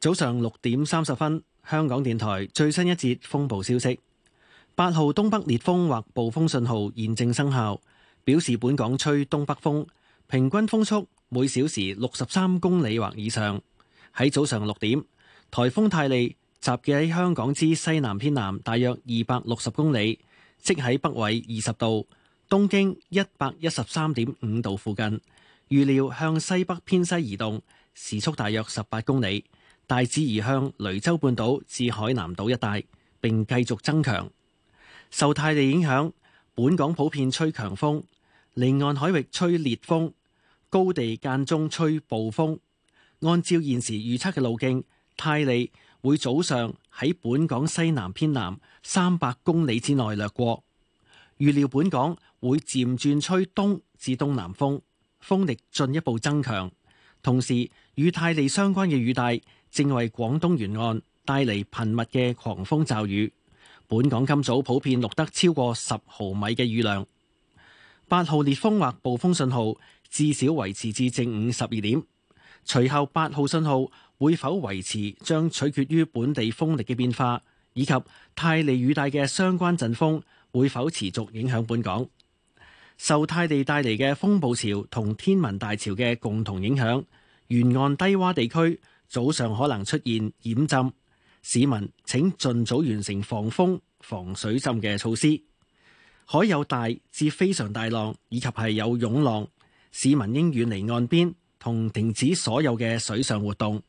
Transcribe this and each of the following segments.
早上六點三十分，香港電台最新一節風暴消息：八號東北烈風或暴風信號現正生效，表示本港吹東北風，平均風速每小時六十三公里或以上。喺早上六點，颱風泰利集結喺香港之西南偏南大約二百六十公里，即喺北緯二十度、東經一百一十三點五度附近。預料向西北偏西移動，時速大約十八公里。大致移向雷州半島至海南島一帶，並繼續增強。受泰利影響，本港普遍吹強風，離岸海域吹烈風，高地間中吹暴風。按照現時預測嘅路徑，泰利會早上喺本港西南偏南三百公里之內掠過。預料本港會漸轉吹東至東南風，風力進一步增強，同時與泰利相關嘅雨帶。正為廣東沿岸帶嚟頻密嘅狂風驟雨，本港今早普遍錄得超過十毫米嘅雨量。八號烈風或暴風信號至少維持至正午十二點，隨後八號信號會否維持，將取決於本地風力嘅變化以及泰利雨帶嘅相關陣風會否持續影響本港。受泰利帶嚟嘅風暴潮同天文大潮嘅共同影響，沿岸低窪地區早上可能出現淹浸，市民請盡早完成防風防水浸嘅措施。海有大至非常大浪，以及係有湧浪，市民應遠離岸邊同停止所有嘅水上活動。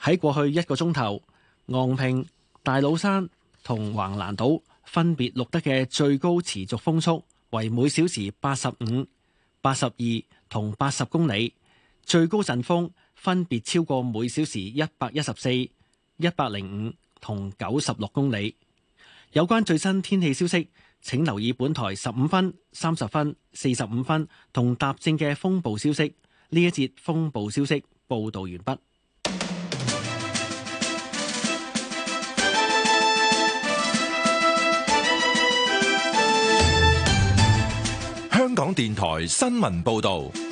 喺過去一個鐘頭，昂坪、大老山同橫瀾島分別錄得嘅最高持續風速為每小時八十五、八十二同八十公里，最高陣風，分別超過每小時一百一十四、一百零五同九十六公里。有關最新天氣消息，請留意本台十五分、三十分、四十五分同踏正嘅風暴消息。呢一節風暴消息報道完畢。香港電台新聞報道。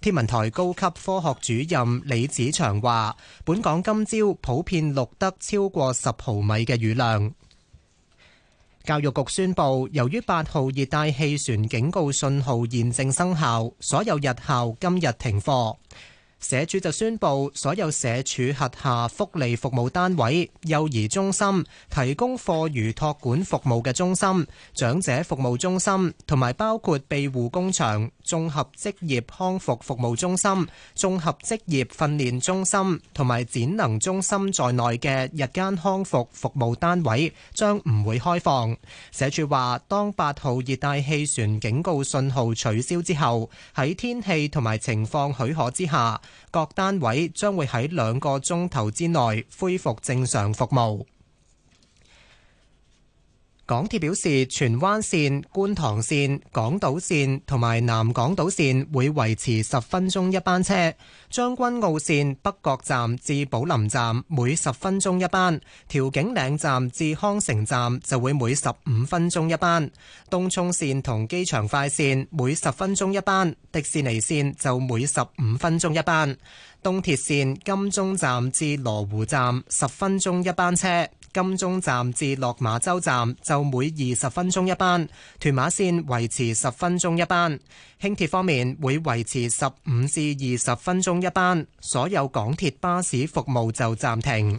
天文台高級科學主任李子祥話，本港今朝普遍錄得超過十毫米嘅雨量。教育局宣布，由於八號熱帶氣旋警告信號現正生效，所有日校今日停課。社署就宣布，所有社署轄下福利服務單位、幼兒中心、提供課餘託管服務嘅中心、長者服務中心，同埋包括庇護工場、綜合職業康復服務中心、綜合職業訓練中心同埋展能中心在內嘅日間康復服務單位將唔會開放。社署話，當八號熱帶氣旋警告信號取消之後，喺天氣同埋情況許可之下，各單位將會喺兩個鐘頭之內恢復正常服務。港鐵表示，荃灣線、觀塘線、港島線同埋南港島線會維持十分鐘一班車，將軍澳線北角站至寶林站每十分鐘一班，調景嶺站至康城站就會每十五分鐘一班，東涌線同機場快線每十分鐘一班，迪士尼線就每十五分鐘一班，東鐵線金鐘站至羅湖站十分鐘一班車。金鐘站至落馬洲站就每二十分鐘一班，屯馬線維持十分鐘一班，輕鐵方面會維持十五至二十分鐘一班，所有港鐵巴士服務就暫停。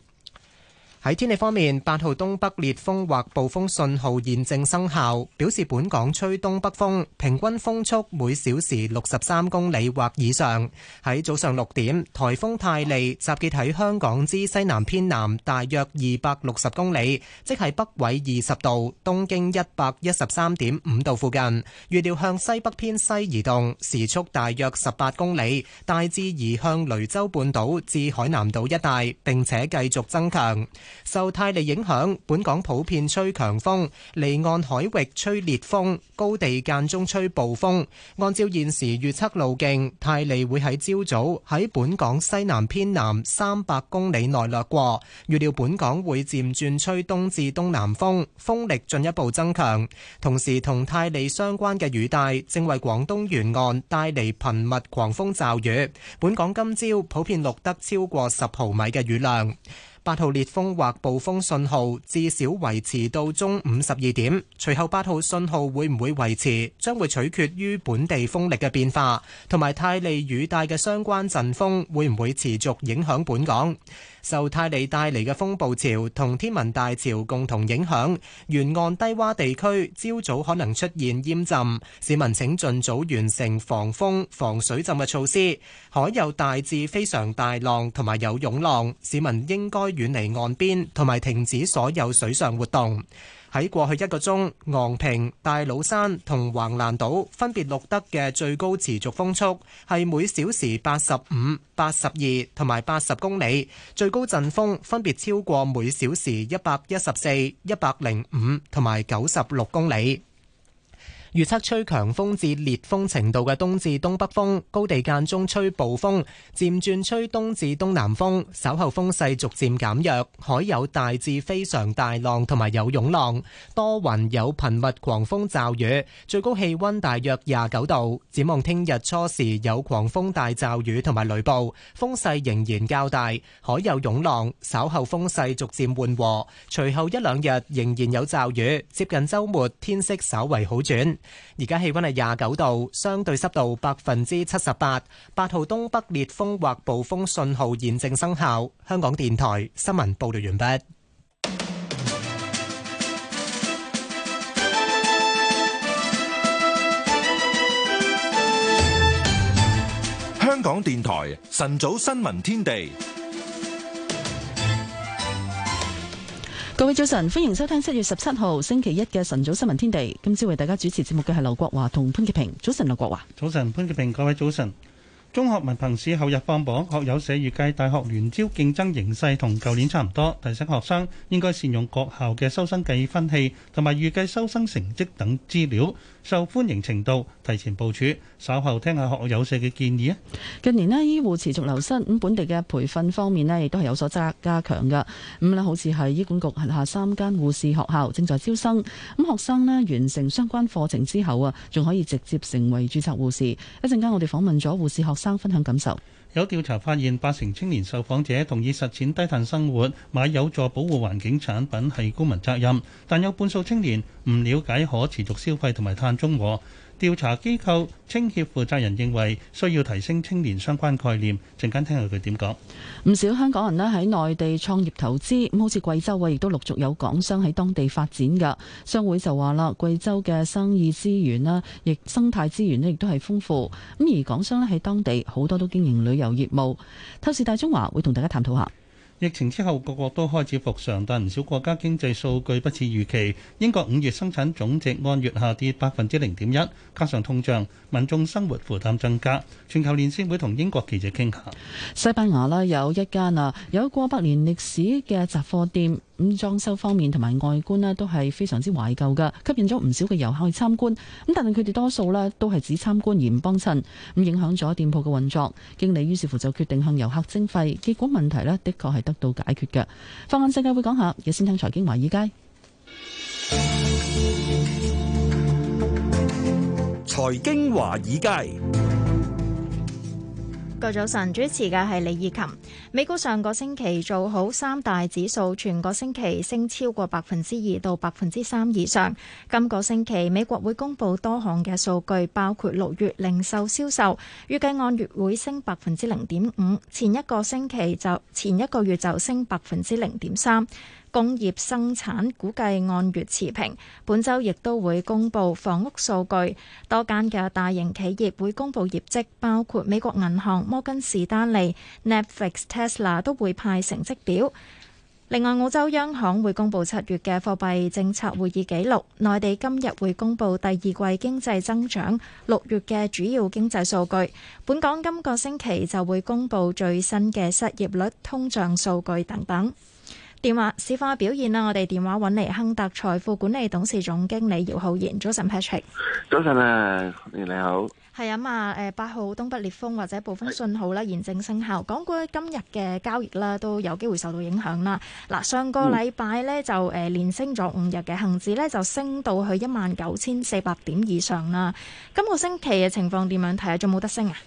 喺天氣方面，八號東北烈風或暴風信號現正生效，表示本港吹東北風，平均風速每小時六十三公里或以上。喺早上六點，颱風泰利集結喺香港之西南偏南，大約二百六十公里，即係北緯二十度、東經一百一十三點五度附近。預料向西北偏西移動，時速大約十八公里，大致移向雷州半島至海南島一帶，並且繼續增強。受泰利影響，本港普遍吹強風，離岸海域吹烈風，高地間中吹暴風。按照現時預測路徑，泰利會喺朝早喺本港西南偏南三百公里內掠過。預料本港會漸轉吹東至東南風，風力進一步增強。同時，同泰利相關嘅雨帶正為廣東沿岸帶嚟頻密狂風驟雨，本港今朝普遍錄得超過十毫米嘅雨量。八號烈風或暴風信號至少維持到中午十二點，隨後八號信號會唔會維持，將會取決於本地風力嘅變化，同埋泰利雨帶嘅相關陣風會唔會持續影響本港。受泰利帶嚟嘅風暴潮同天文大潮共同影響，沿岸低洼地區朝早可能出現淹浸，市民請盡早完成防風、防水浸嘅措施。海有大至非常大浪同埋有湧浪，市民應該。遠離岸邊，同埋停止所有水上活動。喺過去一個鐘，昂坪、大老山同橫瀾島分別錄得嘅最高持續風速係每小時八十五、八十二同埋八十公里，最高陣風分別超過每小時一百一十四、一百零五同埋九十六公里。預測吹強風至烈風程度嘅東至東北風，高地間中吹暴風，漸轉吹東至東南風，稍後風勢逐漸減弱，海有大至非常大浪同埋有湧浪，多雲有頻密狂風驟雨，最高氣溫大約廿九度。展望聽日初時有狂風大驟雨同埋雷暴，風勢仍然較大，海有湧浪，稍後風勢逐漸緩和，隨後一兩日仍然有驟雨，接近周末天色稍為好轉。而家氣溫係廿九度，相對濕度百分之七十八，八號東北烈風或暴風信號現正生效。香港電台新聞報道完畢。香港電台晨早新聞天地。各位早晨，歡迎收聽七月十七號星期一嘅晨早新聞天地。今朝為大家主持節目嘅係劉國華同潘潔平。早晨，劉國華。早晨，潘潔平。各位早晨。中學文憑試後日放榜，學友社預計大學聯招競爭形勢同舊年差唔多，提醒學生應該善用各校嘅收生計分器同埋預計收生成績等資料，受歡迎程度提前部署，稍後聽下學友社嘅建議啊！近年呢醫護持續流失，咁本地嘅培訓方面呢亦都係有所加加強噶。咁啦，好似係醫管局轄下三間護士學校正在招生，咁學生呢完成相關課程之後啊，仲可以直接成為註冊護士。一陣間我哋訪問咗護士學生分享感受。有調查發現，八成青年受訪者同意實踐低碳生活，買有助保護環境產品係公民責任。但有半數青年唔瞭解可持續消費同埋碳中和。調查機構青協負責人認為，需要提升青年相關概念。陣間聽下佢點講。唔少香港人咧喺內地創業投資，咁好似貴州啊，亦都陸續有港商喺當地發展噶。商會就話啦，貴州嘅生意資源咧，亦生態資源咧亦都係豐富。咁而港商咧喺當地好多都經營旅遊業務。透視大中華會同大家探討下。疫情之後，個個都開始復常，但唔少國家經濟數據不似預期。英國五月生產總值按月下跌百分之零點一，加上通脹，民眾生活負擔增加。全球連線會同英國記者傾下。西班牙啦，有一間啊有過百年歷史嘅雜貨店。咁裝修方面同埋外觀呢都係非常之懷舊噶，吸引咗唔少嘅遊客去參觀。咁但係佢哋多數呢都係只參觀而唔幫襯，咁影響咗店鋪嘅運作。經理於是乎就決定向遊客徵費，結果問題呢的確係得到解決嘅。放眼世界會講下，有先聽財經華爾街。財經華爾街。今個早晨，主持嘅係李綺琴。美股上個星期做好，三大指數，全個星期升超過百分之二到百分之三以上。今個星期美國會公布多項嘅數據，包括六月零售銷售，預計按月會升百分之零點五，前一個星期就，前一個月就升百分之零點三。工業生產估計按月持平。本周亦都會公布房屋數據。多間嘅大型企業會公布業績，包括美國銀行、摩根士丹利、Netflix、Tesla 都會派成績表。另外，澳洲央行會公布七月嘅貨幣政策會議紀錄。內地今日會公布第二季經濟增長、六月嘅主要經濟數據。本港今個星期就會公布最新嘅失業率、通脹數據等等。電話市況嘅表現啦，我哋電話揾嚟亨達財富管理董事總經理姚浩然，早晨 Patrick。早晨啊，你好。係啊嘛，誒八號東北烈風或者暴風信號啦，現是正生效，港股今日嘅交易啦都有機會受到影響啦。嗱，上個禮拜咧就誒連升咗五日嘅恒指咧就升到去一萬九千四百點以上啦。今個星期嘅情況點樣睇啊？仲冇得升啊？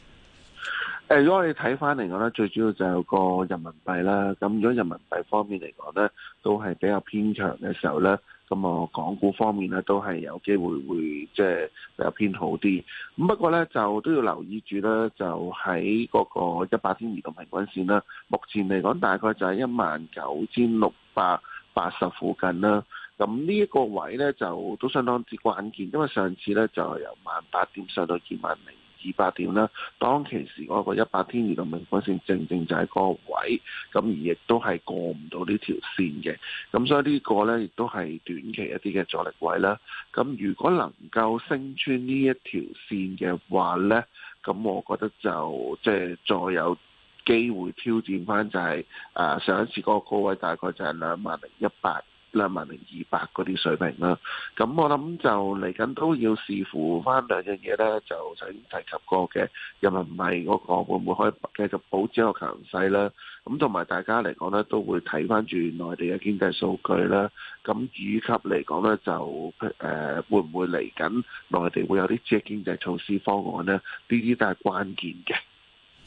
誒，如果我哋睇翻嚟講咧，最主要就有個人民幣啦。咁如果人民幣方面嚟講咧，都係比較偏強嘅時候咧，咁我港股方面咧都係有機會會即係、就是、比較偏好啲。咁不過咧，就都要留意住咧，就喺嗰個一百天移動平均線啦。目前嚟講，大概就係一萬九千六百八十附近啦。咁呢一個位咧，就都相當之關鍵，因為上次咧就由萬八點上到二萬零。二百點啦，當其時嗰個一百天移動平均線正正正就喺嗰個位，咁而亦都係過唔到呢條線嘅，咁所以呢個呢，亦都係短期一啲嘅阻力位啦。咁如果能夠升穿呢一條線嘅話呢，咁我覺得就即係再有機會挑戰翻就係啊上一次嗰個高位大概就係兩萬零一百。兩萬零二百嗰啲水平啦、啊，咁、嗯、我諗就嚟緊都要視乎翻兩樣嘢咧，就曾經提及過嘅人民幣嗰個會唔會可以繼續保持一個強勢啦。咁同埋大家嚟講咧，都會睇翻住內地嘅經濟數據啦。咁、嗯、以及嚟講咧，就誒、呃、會唔會嚟緊內地會有啲即係經濟措施方案咧？呢啲都係關鍵嘅。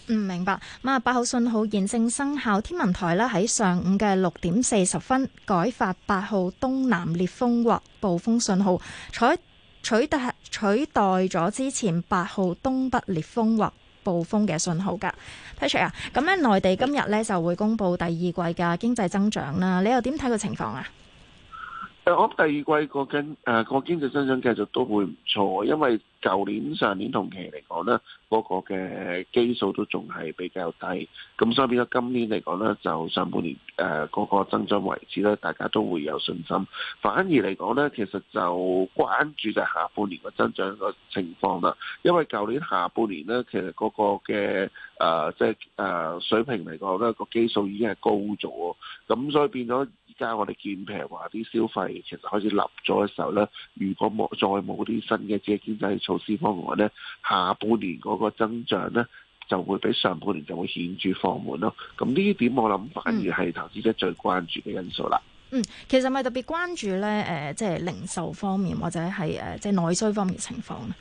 唔、嗯、明白咁啊！八號信號現正生效，天文台咧喺上午嘅六點四十分改發八號東南烈風或暴風信號，取取代取代咗之前八號東北烈風或暴風嘅信號噶。Patrick 啊、嗯，咁咧內地今日咧就會公布第二季嘅經濟增長啦，你又點睇個情況啊？誒，我覺得第二季個經誒個經濟增長繼續都會唔錯，因為。舊年上年同期嚟講咧，嗰個嘅基數都仲係比較低，咁所以變咗今年嚟講咧，就上半年誒個個增長維持咧，大家都會有信心。反而嚟講咧，其實就關注就下半年個增長個情況啦，因為舊年下半年咧，其實嗰個嘅誒即係誒水平嚟講咧，個基數已經係高咗，咁所以變咗而家我哋見譬如話啲消費其實開始落咗嘅時候咧，如果冇再冇啲新嘅經濟刺激措，投資方面咧，下半年嗰個增長咧，就會比上半年就會顯著放緩咯。咁呢點我諗反而係投資者最關注嘅因素啦。嗯，其實係咪特別關注咧，誒、呃，即係零售方面或者係誒、呃，即係內需方面嘅情況咧。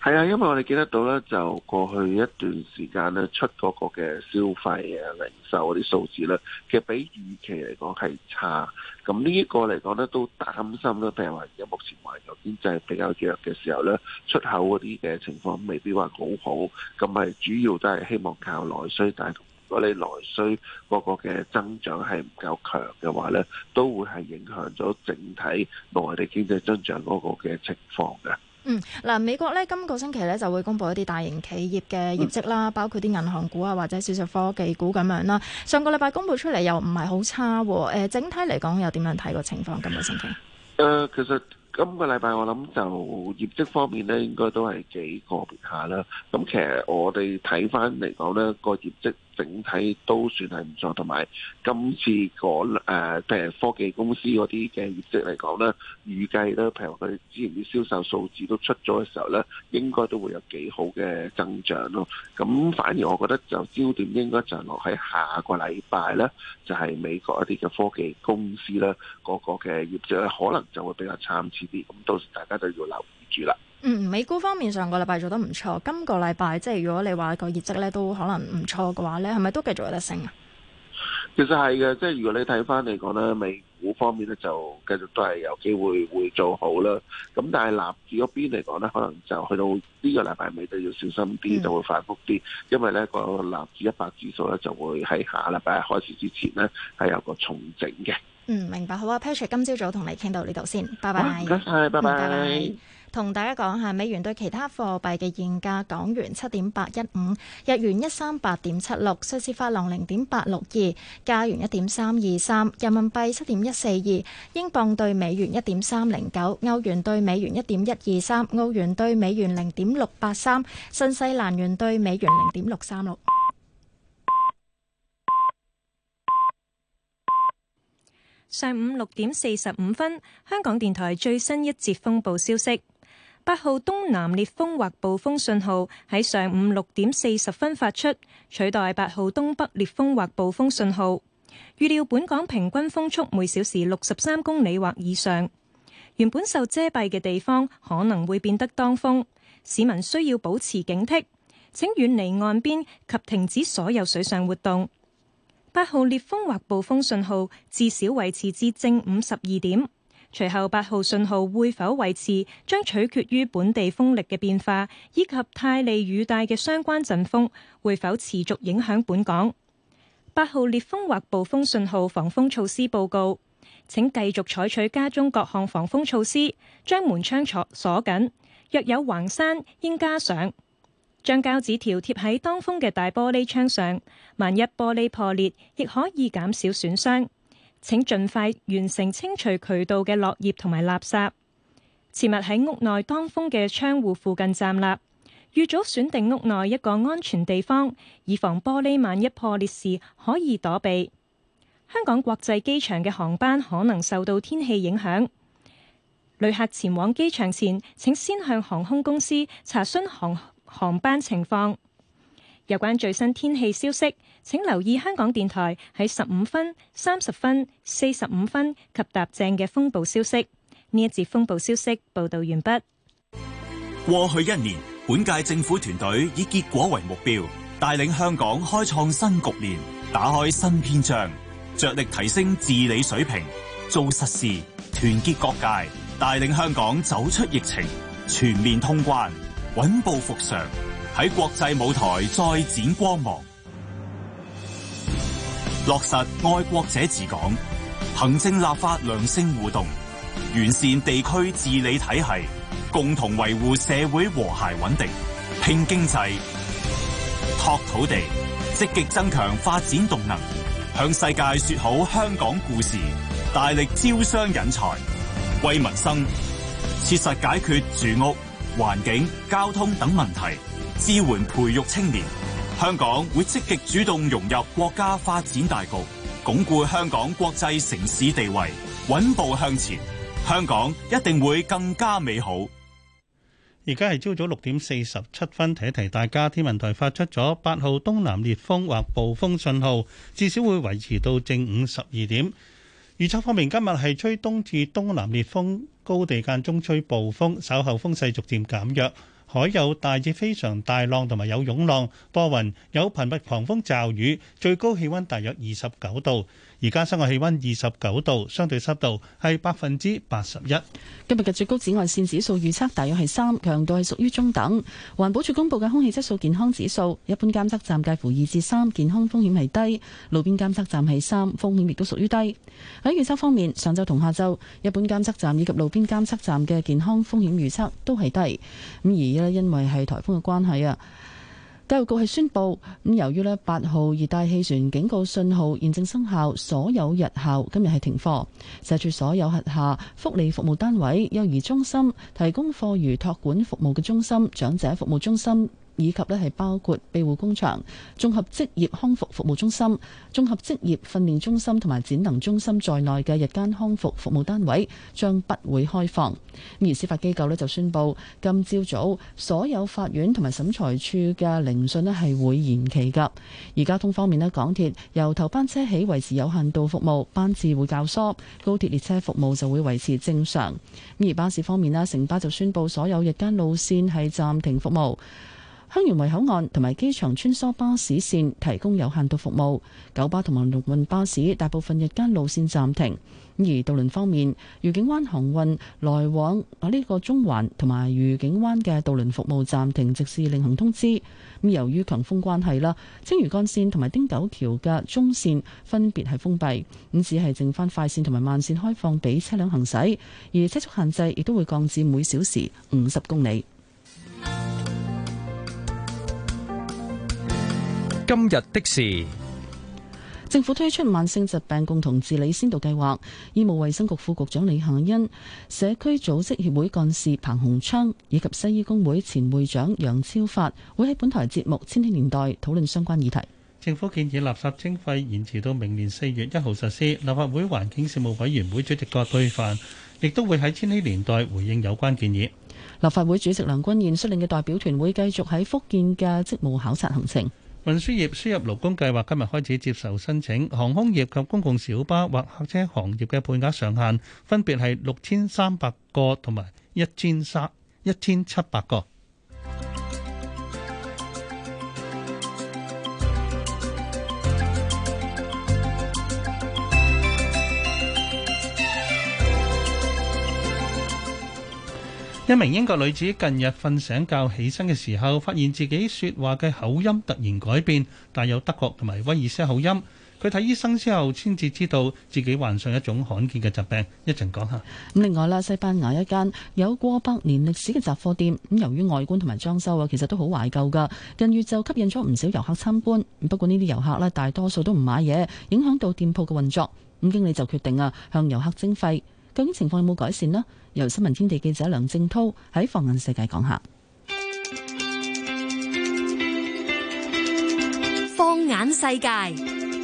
係啊，因為我哋見得到咧，就過去一段時間咧，出嗰個嘅消費啊、零售嗰啲數字咧，其實比預期嚟講係差。咁呢一個嚟講咧，都擔心咧，譬如話而家目前環球經濟比較弱嘅時候咧，出口嗰啲嘅情況未必話好好。咁係主要都係希望靠內需，但係如果你內需嗰個嘅增長係唔夠強嘅話咧，都會係影響咗整體內地經濟增長嗰個嘅情況嘅。嗯，嗱、啊，美國咧今個星期咧就會公布一啲大型企業嘅業績啦，包括啲銀行股啊或者少數科技股咁樣啦。上個禮拜公布出嚟又唔係好差、啊，誒、呃，整體嚟講又點樣睇個情況？今個星期？呃、其實今個禮拜我諗就業績方面咧，應該都係幾個別下啦。咁其實我哋睇翻嚟講咧、呢個業績。整體都算係唔錯，同埋今次嗰、呃、譬如科技公司嗰啲嘅業績嚟講咧，預計咧，譬如佢之前啲銷售數字都出咗嘅時候咧，應該都會有幾好嘅增長咯。咁反而我覺得就焦點應該就落喺下個禮拜咧，就係、是、美國一啲嘅科技公司咧，嗰、那個嘅業績咧，可能就會比較參差啲。咁到時大家就要留意住啦。嗯，美股方面上個禮拜做得唔錯，今個禮拜即係如果你話個業績咧都可能唔錯嘅話咧，係咪都繼續有得升啊？其實係嘅，即係如果你睇翻嚟講咧，美股方面咧就繼續都係有機會會做好啦。咁但係納指嗰邊嚟講咧，可能就去到呢個禮拜尾都要小心啲，嗯那個，就會反覆啲，因為咧個納指一百指數咧就會喺下禮拜開始之前咧係有個重整嘅。嗯，明白。好啊，Patrick，今朝早同你傾到呢度先，拜拜。唔該、啊，拜拜。嗯，拜拜。同大家講下美元對其他貨幣嘅現價：港元七點八一五，日元一三八點七六，瑞士法郎零點八六二，加元一點三二三，人民幣七點一四二，英鎊兌美元一點三零九，歐元兌美元一點一二三，澳元兌美元零點六八三，新西蘭元兌美元零點六三六。上午六點四十五分，香港電台最新一節風暴消息。八號東南烈風或暴風信號喺上午六點四十分發出，取代八號東北烈風或暴風信號。預料本港平均風速每小時六十三公里或以上。原本受遮蔽嘅地方可能會變得當風，市民需要保持警惕，請遠離岸邊及停止所有水上活動。八號烈風或暴風信號至少維持至正午十二點。隨後八號信號會否維持，將取決於本地風力嘅變化以及泰利雨帶嘅相關陣風會否持續影響本港。八號烈風或暴風信號防風措施報告，請繼續採取家中各項防風措施，將門窗鎖鎖緊。若有橫閂，應加上將膠紙條貼喺當風嘅大玻璃窗上，萬一玻璃破裂，亦可以減少損傷。請盡快完成清除渠道嘅落葉同埋垃圾。切勿喺屋內當風嘅窗戶附近站立，預早選定屋內一個安全地方，以防玻璃萬一破裂時可以躲避。香港國際機場嘅航班可能受到天氣影響，旅客前往機場前，請先向航空公司查詢航航班情況。有關最新天氣消息，請留意香港電台喺十五分、三十分、四十五分及搭正嘅風暴消息。呢一節風暴消息報道完畢。過去一年，本屆政府團隊以結果為目標，帶領香港開創新局面，打開新篇章，着力提升治理水平，做實事，團結各界，帶領香港走出疫情，全面通關，穩步復常。喺國際舞台再展光芒，落實愛國者治港，行政立法良性互動，完善地區治理體系，共同維護社會和諧穩定。拼經濟，拓土地，積極增強發展動能，向世界說好香港故事。大力招商引才，惠民生，切實解決住屋、環境、交通等問題。支援培育青年，香港會積極主動融入國家發展大局，鞏固香港國際城市地位，穩步向前。香港一定會更加美好。而家係朝早六點四十七分，提一提大家，天文台發出咗八號東南烈風或暴風信號，至少會維持到正午十二點。預測方面，今日係吹東至東南烈風，高地間中吹暴風，稍後風勢逐漸減弱。海有大至非常大浪，同埋有湧浪，多雲，有頻密狂風驟雨，最高氣溫大約二十九度。而家室外氣溫二十九度，相對濕度係百分之八十一。今日嘅最高紫外線指數預測大約係三，強度係屬於中等。環保署公布嘅空氣質素健康指數，一般監測站介乎二至三，健康風險係低；路邊監測站係三，風險亦都屬於低。喺預測方面，上晝同下晝，一般監測站以及路邊監測站嘅健康風險預測都係低。咁而家，因為係台風嘅關係啊。教育局係宣布，咁由於呢八號熱帶氣旋警告信號現正生效，所有日校今日係停課，社署所有轄下福利服務單位、幼兒中心、提供課餘托管服務嘅中心、長者服務中心，以及咧係包括庇護工場、綜合職業康復服務中心、綜合職業訓練中心同埋展能中心在內嘅日間康復服務單位將不會開放。而司法機構咧就宣布，今朝早所有法院同埋審裁處嘅聆訊咧係會延期㗎。而交通方面咧，港鐵由頭班車起維持有限度服務，班次會較疏；高鐵列車服務就會維持正常。而巴士方面咧，城巴就宣布所有日間路線係暫停服務。香園圍口岸同埋機場穿梭巴士線提供有限度服務，九巴同埋龍運巴士大部分日間路線暫停。而渡輪方面，愉景灣航運來往啊呢個中環同埋愉景灣嘅渡輪服務暫停，直至另行通知。咁由於強風關係啦，青嶼幹線同埋汀九橋嘅中線分別係封閉，咁只係剩返快線同埋慢線開放俾車輛行駛，而車速限制亦都會降至每小時五十公里。今日的事，政府推出慢性疾病共同治理先導計劃。醫務衛生局副局長李夏欣、社區組織協會幹事彭洪昌以及西醫工會前會長楊超發會喺本台節目《千禧年代》討論相關議題。政府建議垃圾徵費延遲到明年四月一號實施。立法會環境事務委員會主席郭對范亦都會喺《千禧年代》回應有關建議。立法會主席梁君彥率領嘅代表團會繼續喺福建嘅職務考察行程。運輸業輸入勞工計劃今日開始接受申請，航空業及公共小巴或客車行業嘅配額上限分別係六千三百個同埋一千三一千七百個。一名英國女子近日瞓醒覺起身嘅時候，發現自己説話嘅口音突然改變，帶有德國同埋威爾斯口音。佢睇醫生之後，先至知道自己患上一種罕見嘅疾病。一陣講下。咁另外咧，西班牙一間有過百年歷史嘅雜貨店，咁由於外觀同埋裝修啊，其實都好懷舊噶。近月就吸引咗唔少遊客參觀，不過呢啲遊客咧大多數都唔買嘢，影響到店鋪嘅運作。咁經理就決定啊，向遊客徵費。究竟情況有冇改善呢？由新聞天地記者梁正濤喺放眼世界講下，放眼世界。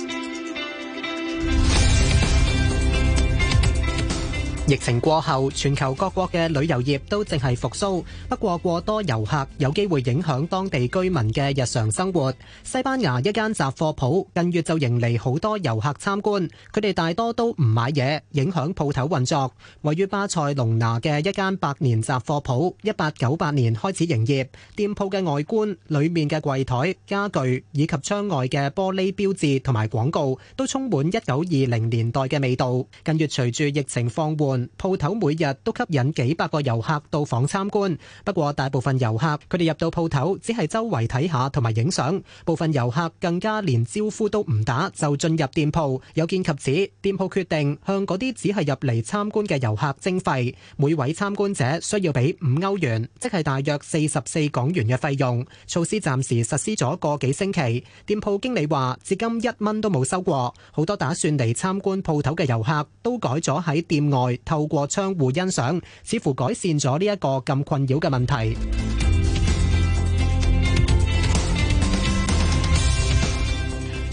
疫情過後，全球各國嘅旅遊業都正係復蘇，不過過多遊客有機會影響當地居民嘅日常生活。西班牙一間雜貨鋪近月就迎嚟好多遊客參觀，佢哋大多都唔買嘢，影響鋪頭運作。位於巴塞隆拿嘅一間百年雜貨鋪，一八九八年開始營業，店鋪嘅外觀、裏面嘅櫃檯、家具以及窗外嘅玻璃標誌同埋廣告，都充滿一九二零年代嘅味道。近月隨住疫情放緩。鋪頭每日都吸引幾百個遊客到訪參觀，不過大部分遊客佢哋入到鋪頭只係周圍睇下同埋影相，部分遊客更加連招呼都唔打就進入店鋪有見及此，店鋪決定向嗰啲只係入嚟參觀嘅遊客徵費，每位參觀者需要俾五歐元，即係大約四十四港元嘅費用。措施暫時實施咗個幾星期，店鋪經理話至今一蚊都冇收過，好多打算嚟參觀鋪頭嘅遊客都改咗喺店外，透過窗戶欣賞，似乎改善咗呢一個咁困擾嘅問題。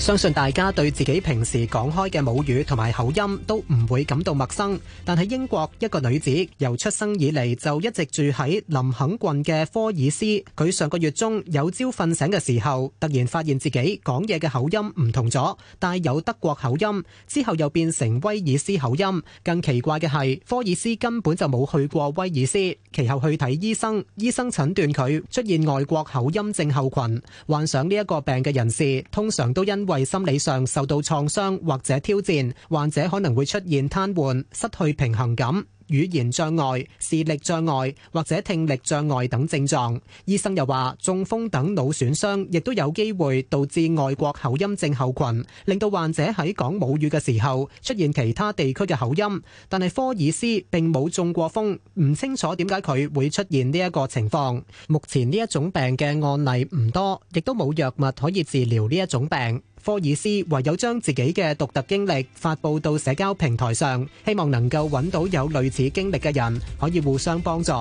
相信大家對自己平時講開嘅母語同埋口音都唔會感到陌生，但喺英國一個女子由出生以嚟就一直住喺林肯郡嘅科爾斯，佢上個月中有朝瞓醒嘅時候，突然發現自己講嘢嘅口音唔同咗，帶有德國口音，之後又變成威爾斯口音。更奇怪嘅係科爾斯根本就冇去過威爾斯。其後去睇醫生，醫生診斷佢出現外國口音症候群。患上呢一個病嘅人士，通常都因。為心理上受到創傷或者挑戰，患者可能會出現癱瘓、失去平衡感、語言障礙、視力障礙或者聽力障礙等症狀。醫生又話，中風等腦損傷亦都有機會導致外國口音症候群，令到患者喺講母語嘅時候出現其他地區嘅口音。但係科爾斯並冇中過風，唔清楚點解佢會出現呢一個情況。目前呢一種病嘅案例唔多，亦都冇藥物可以治療呢一種病。科爾斯唯有將自己嘅獨特經歷發佈到社交平台上，希望能夠搵到有類似經歷嘅人，可以互相幫助。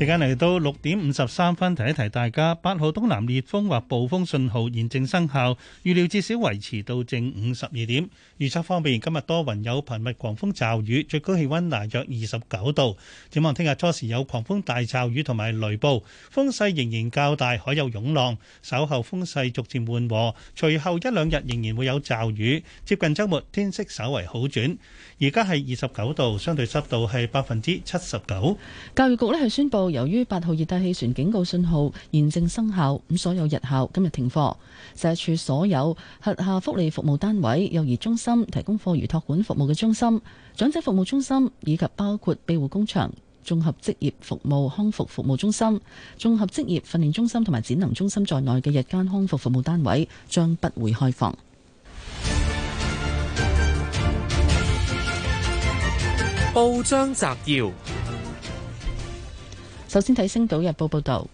時間嚟到六點五十三分，提一提大家，八號東南烈風或暴風信號現正生效，預料至少維持到正午十二點。預測方面，今日多雲有頻密狂風驟雨，最高氣溫大約二十九度。展望聽日初時有狂風大驟雨同埋雷暴，風勢仍然較大，海有湧浪。稍後風勢逐漸緩和，隨後一兩日仍然會有驟雨。接近周末，天色稍為好轉。而家係二十九度，相對濕度係百分之七十九。教育局呢，係宣布。由於八號熱帶氣旋警告信號現正生效，咁所有日校今日停課。社署所有轄下福利服務單位、幼兒中心提供課餘托管服務嘅中心、長者服務中心，以及包括庇護工場、綜合職業服務康復服務中心、綜合職業訓練中心同埋展能中心在內嘅日間康復服務單位將不會開放。報章摘要。首先睇《星島日報》報導，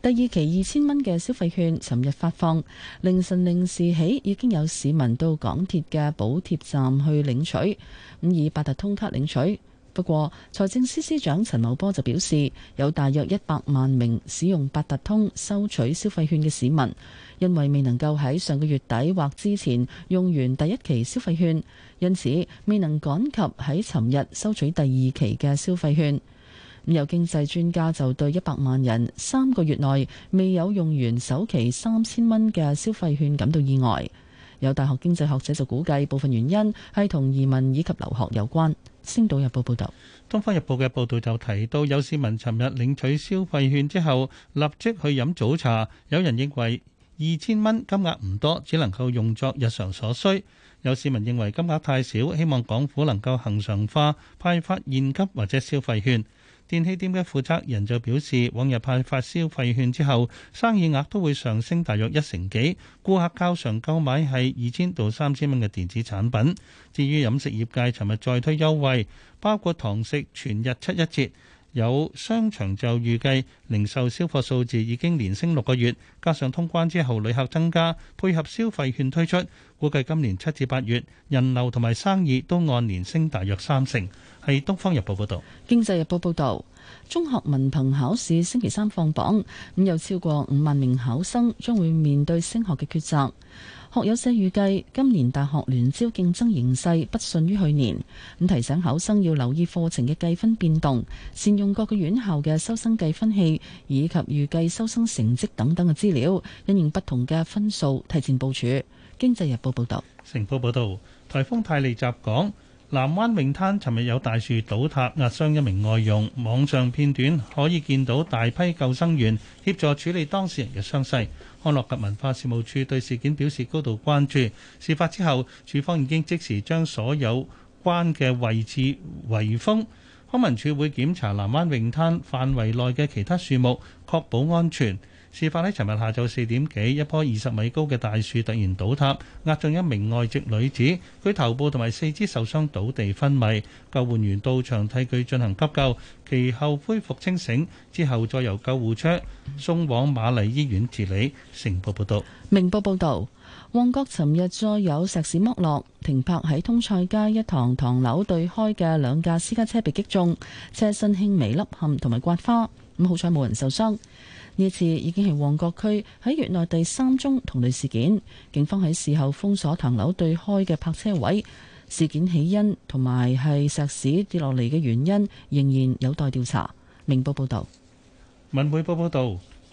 第二期二千蚊嘅消費券，尋日發放，凌晨零時起已經有市民到港鐵嘅補貼站去領取，咁以八達通卡領取。不過，財政司司長陳茂波就表示，有大約一百萬名使用八達通收取消費券嘅市民，因為未能夠喺上個月底或之前用完第一期消費券，因此未能趕及喺尋日收取第二期嘅消費券。有經濟專家就對一百萬人三個月內未有用完首期三千蚊嘅消費券感到意外。有大學經濟學者就估計部分原因係同移民以及留學有關。《星島日報》報道，《東方日報》嘅報導就提到，有市民尋日領取消費券之後立即去飲早茶。有人認為二千蚊金額唔多，只能夠用作日常所需。有市民認為金額太少，希望港府能夠恒常化派發現金或者消費券。電器店嘅負責人就表示，往日派發消費券之後，生意額都會上升大約一成幾，顧客較常購買係二千到三千蚊嘅電子產品。至於飲食業界，尋日再推優惠，包括堂食全日七一折。有商場就預計零售銷貨數字已經連升六個月，加上通關之後旅客增加，配合消費券推出，估計今年七至八月人流同埋生意都按年升大約三成。喺《東方日報》報道，《經濟日報》報道，中學文憑考試星期三放榜，咁、嗯、有超過五萬名考生將會面對升學嘅抉擇。學友社預計今年大學聯招競爭形勢不遜於去年，咁、嗯、提醒考生要留意課程嘅計分變動，善用各個院校嘅收生計分器以及預計收生成績等等嘅資料，因應不同嘅分數提前部署。《經濟日報》報道，《成報》報道，颱風泰利襲港。南灣泳灘尋日有大樹倒塌壓傷一名外傭，網上片段可以見到大批救生員協助處理當事人嘅傷勢。康樂及文化事務處對事件表示高度關注。事發之後，處方已經即時將所有關嘅位置圍封。康文署會檢查南灣泳灘範圍內嘅其他樹木，確保安全。事發喺尋日下晝四點幾，一棵二十米高嘅大樹突然倒塌，壓中一名外籍女子，佢頭部同埋四肢受傷倒地昏迷，救援員到場替佢進行急救，其後恢復清醒，之後再由救護車送往瑪麗醫院治理。成報報導。明報報導，旺角尋日再有石屎剝落，停泊喺通菜街一堂唐樓對開嘅兩架私家車被擊中，車身輕微凹陷同埋刮花，咁好彩冇人受傷。呢次已經係旺角區喺月內第三宗同類事件，警方喺事後封鎖唐樓對開嘅泊車位。事件起因同埋係石屎跌落嚟嘅原因，仍然有待調查。明報報道。文匯報報導。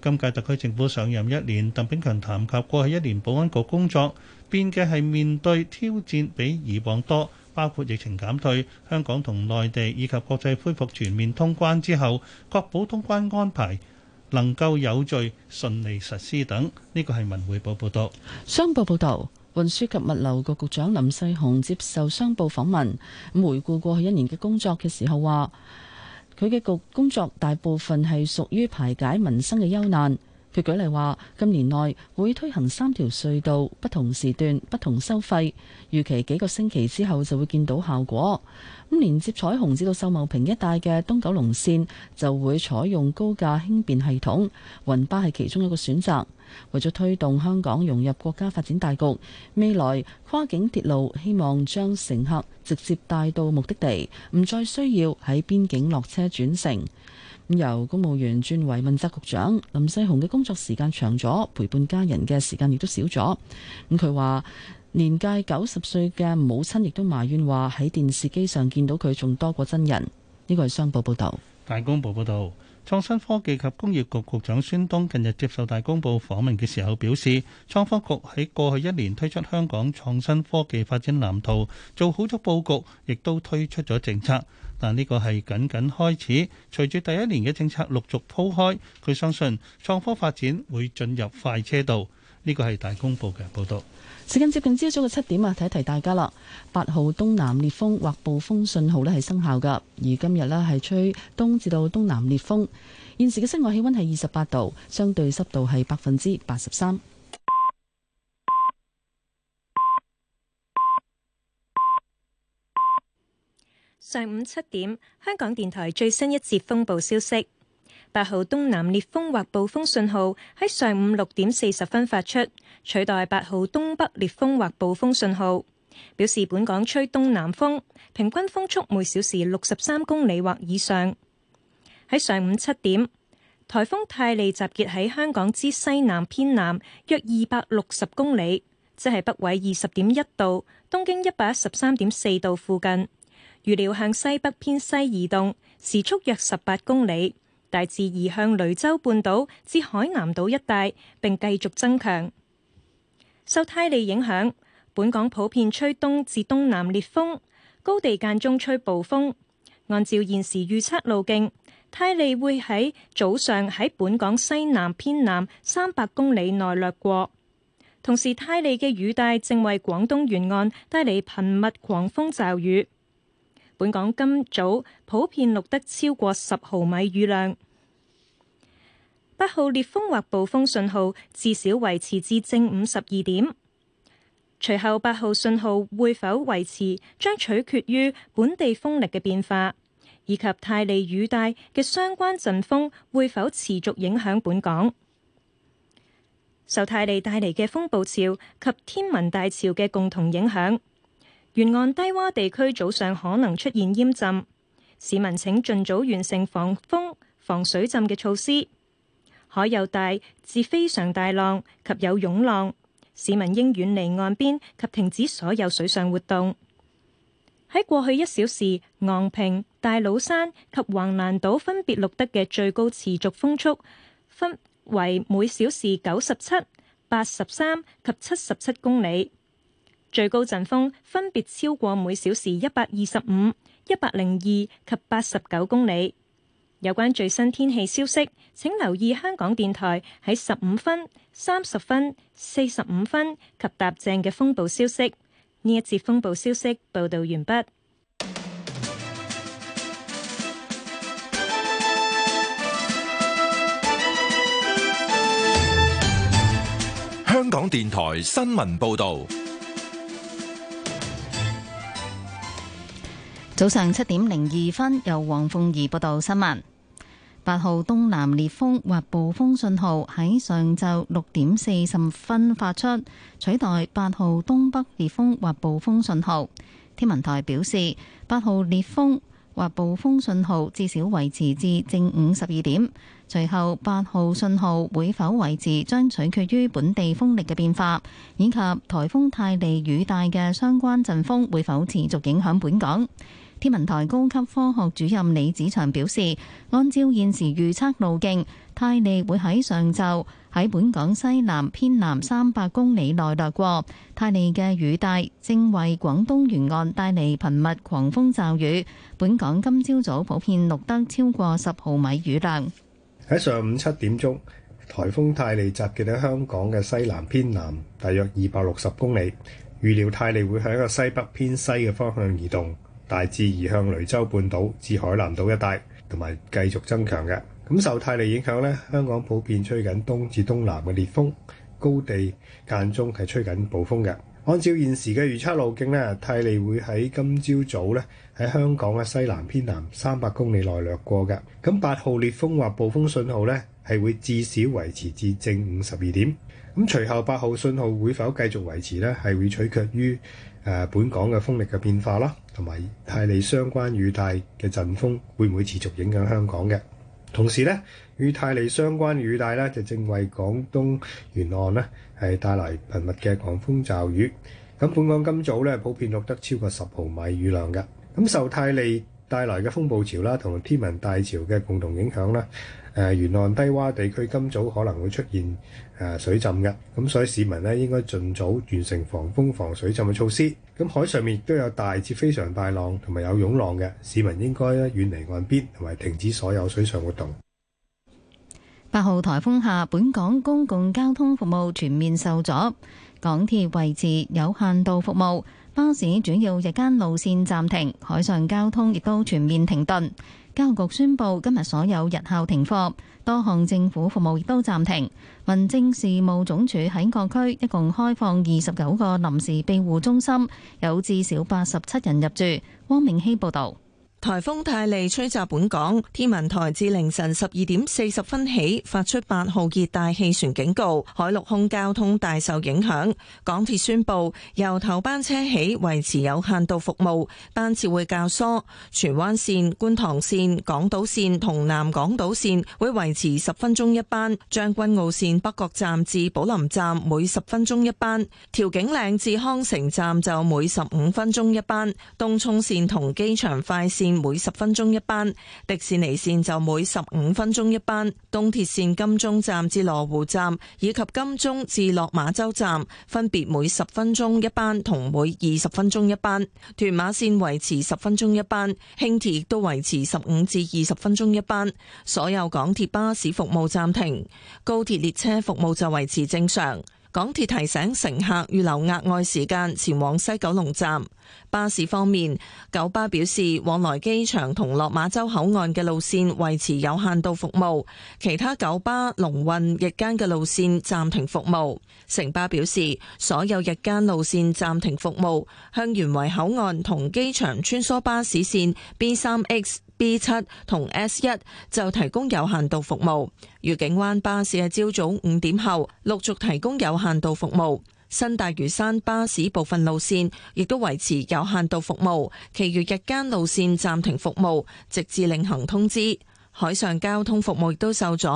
今屆特區政府上任一年，鄧炳強談及過去一年保安局工作，變嘅係面對挑戰比以往多，包括疫情減退、香港同內地以及國際恢復全面通關之後，確保通關安排能夠有序順利實施等。呢個係文匯報報導。商報報導，運輸及物流局局長林世雄接受商報訪問，回顧過去一年嘅工作嘅時候話：佢嘅局工作大部分係屬於排解民生嘅憂難。佢舉例話，今年內會推行三條隧道不同時段不同收費，預期幾個星期之後就會見到效果。咁連接彩虹至到秀茂坪一帶嘅東九龍線就會採用高架輕便系統，雲巴係其中一個選擇。為咗推動香港融入國家發展大局，未來跨境鐵路希望將乘客直接帶到目的地，唔再需要喺邊境落車轉乘。由公務員轉為問責局長林世雄嘅工作時間長咗，陪伴家人嘅時間亦都少咗。咁佢話年屆九十歲嘅母親亦都埋怨話喺電視機上見到佢仲多過真人。呢個係商報報道。《大公報》報道。創新科技及工業局局長孫東近日接受大公報訪問嘅時候表示，創科局喺過去一年推出香港創新科技發展藍圖，做好咗佈局，亦都推出咗政策，但呢個係僅僅開始。隨住第一年嘅政策陸續鋪開，佢相信創科發展會進入快車道。呢個係大公報嘅報導。時間接近朝早嘅七點啊，提一提大家啦。八號東南烈風或暴風信號呢係生效噶而今日呢係吹東至到東南烈風。現時嘅室外氣溫係二十八度，相對濕度係百分之八十三。上午七點，香港電台最新一節風暴消息：八號東南烈風或暴風信號喺上午六點四十分發出。取代八號東北烈風或暴風信號，表示本港吹東南風，平均風速每小時六十三公里或以上。喺上午七點，台風泰利集結喺香港之西南偏南約二百六十公里，即係北緯二十點一度、東經一百一十三點四度附近。預料向西北偏西移動，時速約十八公里，大致移向雷州半島至海南島一帶，並繼續增強。受泰利影響，本港普遍吹東至東南烈風，高地間中吹暴風。按照現時預測路徑，泰利會喺早上喺本港西南偏南三百公里內掠過，同時泰利嘅雨帶正為廣東沿岸帶嚟頻密狂風驟雨。本港今早普遍錄得超過十毫米雨量。八號烈風或暴風信號至少維持至正午十二點。隨後八號信號會否維持，將取決於本地風力嘅變化以及泰利雨帶嘅相關陣風會否持續影響本港。受泰利帶嚟嘅風暴潮及天文大潮嘅共同影響，沿岸低洼地區早上可能出現淹浸，市民請盡早完成防風、防水浸嘅措施。海又大，至非常大浪及有湧浪，市民應遠離岸邊及停止所有水上活動。喺過去一小時，昂坪、大老山及橫瀾島分別錄得嘅最高持續風速，分為每小時九十七、八十三及七十七公里，最高陣風分別超過每小時一百二十五、一百零二及八十九公里。有關最新天氣消息，請留意香港電台喺十五分、三十分、四十五分及搭正嘅風暴消息。呢一節風暴消息報道完畢。香港電台新聞報道。早上七點零二分，由黃鳳儀報道新聞。八號東南烈風或暴風信號喺上晝六點四十分發出，取代八號東北烈風或暴風信號。天文台表示，八號烈風或暴風信號至少維持至正午十二點。隨後，八號信號會否維持，將取決於本地風力嘅變化以及台風泰利雨帶嘅相關陣風會否持續影響本港。天文台高級科學主任李子祥表示，按照現時預測路徑，泰利會喺上晝喺本港西南偏南三百公里內掠過。泰利嘅雨帶正為廣東沿岸帶嚟頻密狂風驟雨。本港今朝早早普遍錄得超過十毫米雨量。喺上午七點鐘，颱風泰利集結喺香港嘅西南偏南大約二百六十公里。預料泰利會向一個西北偏西嘅方向移動。大致移向雷州半島至海南島一帶，同埋繼續增強嘅。咁受泰利影響咧，香港普遍吹緊東至東南嘅烈風，高地間中係吹緊暴風嘅。按照現時嘅預測路徑咧，泰利會喺今朝早咧，喺香港嘅西南偏南三百公里內掠過嘅。咁八號烈風或暴風信號咧，係會至少維持至正午十二點。咁隨後八號信號會否繼續維持咧？係會取決於。誒本港嘅風力嘅變化啦，同埋泰利相關雨帶嘅陣風會唔會持續影響香港嘅？同時咧，與泰利相關雨帶咧，就正為廣東沿岸咧係帶來頻密嘅狂風驟雨。咁本港今早咧，普遍錄得超過十毫米雨量嘅。咁受泰利帶來嘅風暴潮啦，同天文大潮嘅共同影響啦。誒沿岸低窪地區今早可能會出現誒、啊、水浸嘅，咁、啊、所以市民呢應該盡早完成防風防水浸嘅措施。咁、啊、海上面亦都有大至非常大浪同埋有湧浪嘅，市民應該呢遠離岸邊同埋停止所有水上活動。八號颱風下，本港公共交通服務全面受阻，港鐵維持有限度服務，巴士主要日間路線暫停，海上交通亦都全面停頓。教育局宣布今日所有日校停課，多項政府服務亦都暫停。民政事務總署喺各區一共開放二十九個臨時庇護中心，有至少八十七人入住。汪明希報道。颱風泰利吹襲本港，天文台至凌晨十二點四十分起發出八號熱帶氣旋警告，海陸空交通大受影響。港鐵宣布由頭班車起維持有限度服務，班次會較疏。荃灣線、觀塘線、港島線同南港島線會維持十分鐘一班，將軍澳線北角站至寶林站每十分鐘一班，調景嶺至康城站就每十五分鐘一班。東涌線同機場快線每十分鐘一班，迪士尼線就每十五分鐘一班，東鐵線金鐘站至羅湖站以及金鐘至落馬洲站分別每十分鐘一班同每二十分鐘一班，屯馬線維持十分鐘一班，輕鐵亦都維持十五至二十分鐘一班，所有港鐵巴士服務暫停，高鐵列車服務就維持正常。港鐵提醒乘客預留額外時間前往西九龍站。巴士方面，九巴表示往來機場同落馬洲口岸嘅路線維持有限度服務，其他九巴、龍運日間嘅路線暫停服務。城巴表示所有日間路線暫停服務，香園圍口岸同機場穿梭巴士線 B 三 X。B7 同 S1 就提供有限度服務，愉景灣巴士喺朝早五點後陸續提供有限度服務，新大嶼山巴士部分路線亦都維持有限度服務，其餘日間路線暫停服務，直至另行通知。海上交通服務亦都受阻，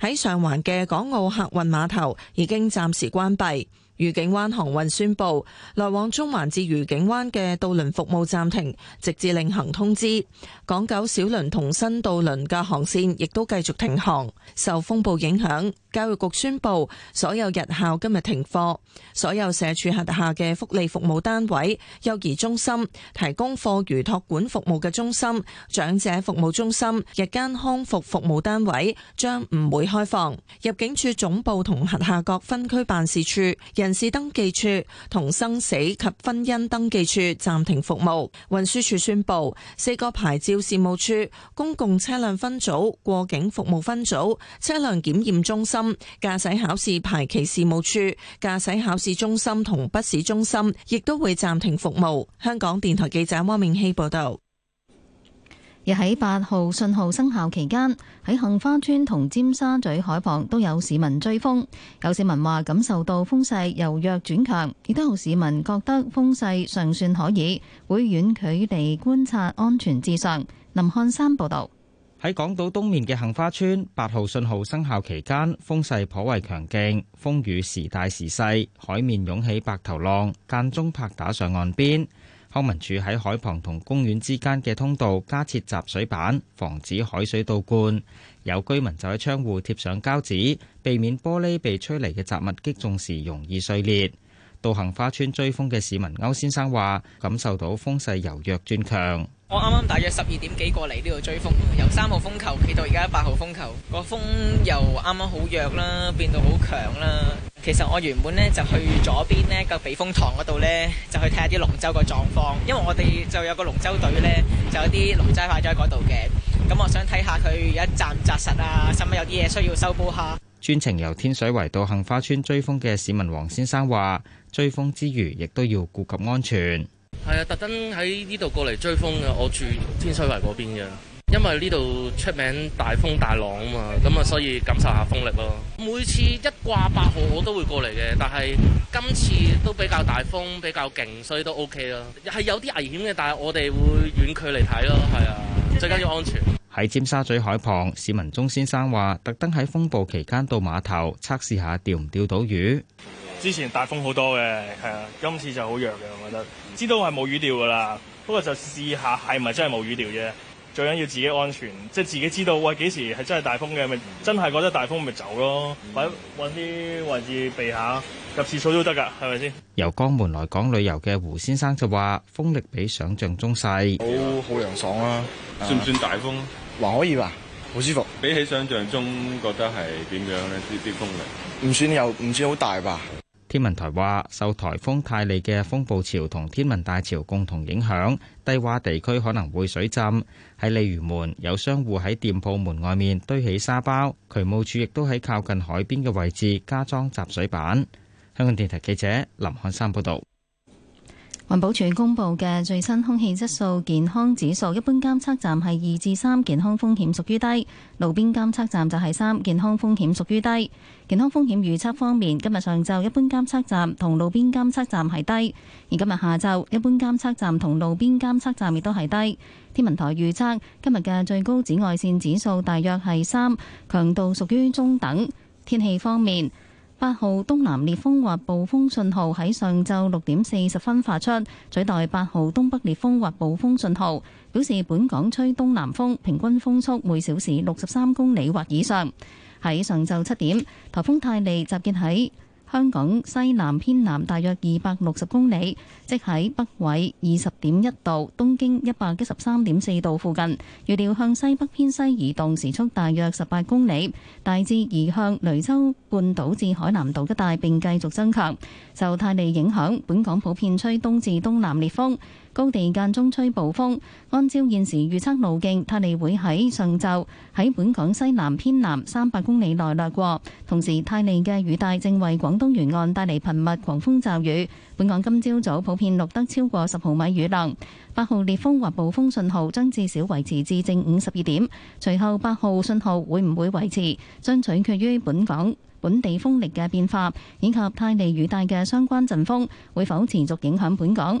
喺上環嘅港澳客運碼頭已經暫時關閉。愉景灣航運宣佈來往中環至愉景灣嘅渡輪服務暫停，直至另行通知。港九小輪同新渡輪嘅航綫亦都繼續停航。受風暴影響，教育局宣佈所有日校今日停課。所有社署轄下嘅福利服務單位、幼兒中心、提供課餘托管服務嘅中心、長者服務中心、日間康復服務單位將唔會開放。入境處總部同轄下各分區辦事處人。人事登記處同生死及婚姻登記處暫停服務。運輸署宣布，四個牌照事務處、公共車輛分組、過境服務分組、車輛檢驗中心、駕駛考試排期事務處、駕駛考試中心同筆試中心亦都會暫停服務。香港電台記者汪明希報道。喺八號信號生效期間，喺杏花邨同尖沙咀海旁都有市民追風。有市民話感受到風勢由弱轉強，亦都有市民覺得風勢尚算可以，會遠距離觀察，安全至上。林漢山報導。喺港島東面嘅杏花邨，八號信號生效期間，風勢頗為強勁，風雨時大時細，海面湧起白頭浪，間中拍打上岸邊。康文署喺海旁同公園之間嘅通道加設集水板，防止海水倒灌。有居民就喺窗戶貼上膠紙，避免玻璃被吹嚟嘅雜物擊中時容易碎裂。到杏花村追風嘅市民歐先生話：感受到風勢由弱轉強。我啱啱大約十二點幾過嚟呢度追風，由三號風球企到而家八號風球，個風由啱啱好弱啦，變到好強啦。其實我原本咧就去左邊呢個避風塘嗰度咧，就去睇下啲龍舟個狀況，因為我哋就有個龍舟隊咧，就有啲龍舟喺在嗰度嘅。咁我想睇下佢有一站紮實啊，使唔使有啲嘢需要修補下？專程由天水圍到杏花村追風嘅市民黃先生話：追風之餘，亦都要顧及安全。係啊，特登喺呢度過嚟追風嘅，我住天水圍嗰邊嘅。因為呢度出名大風大浪啊嘛，咁啊所以感受下風力咯。每次一掛八號我都會過嚟嘅，但係今次都比較大風，比較勁，所以都 OK 咯。係有啲危險嘅，但係我哋會遠距離睇咯，係啊，最緊要安全。喺尖沙咀海旁，市民鍾先生話特登喺風暴期間到碼頭測試下釣唔釣到魚。之前大風好多嘅，係啊，今次就好弱嘅，我覺得。知道係冇魚釣噶啦，不過就試下係咪真係冇魚釣啫。最緊要自己安全，即係自己知道哇，幾時係真係大風嘅，咪真係覺得大風咪走咯，或者搵啲位置避下，入廁所都得噶，係咪先？由江門來港旅遊嘅胡先生就話風力比想象中細，好好涼爽啊！的算唔算大風？還可以吧，好舒服。比起想象中，覺得係點樣呢？呢啲風力唔算又唔算好大吧。天文台話受颱風泰利嘅風暴潮同天文大潮共同影響，低窪地區可能會水浸。喺鯉魚門有商戶喺店鋪門外面堆起沙包，渠務處亦都喺靠近海邊嘅位置加裝集水板。香港電台記者林漢山報道。環保署公布嘅最新空氣質素健康指數，一般監測站係二至三，健康風險屬於低；路邊監測站就係三，健康風險屬於低。健康風險預測方面，今日上晝一般監測站同路邊監測站係低，而今日下晝一般監測站同路邊監測站亦都係低。天文台預測，今日嘅最高紫外線指數大約係三，強度屬於中等。天氣方面。八號東南烈風或暴風信號喺上晝六點四十分發出，取代八號東北烈風或暴風信號，表示本港吹東南風，平均風速每小時六十三公里或以上。喺上晝七點，颱風泰利集結喺。香港西南偏南，大約二百六十公里，即喺北緯二十點一度、東經一百一十三點四度附近。預料向西北偏西移動時速大約十八公里，大致移向雷州半島至海南島一帶，並繼續增強。受泰利影響，本港普遍吹東至東南烈風。高地間中吹暴風，按照現時預測路徑，泰利會喺上晝喺本港西南偏南三百公里內掠過。同時，泰利嘅雨帶正為廣東沿岸帶嚟頻密狂風驟雨。本港今朝早早普遍錄得超過十毫米雨量，八號烈風或暴風信號將至少維持至正午十二點。隨後八號信號會唔會維持，將取決於本港本地風力嘅變化以及泰利雨帶嘅相關陣風會否持續影響本港。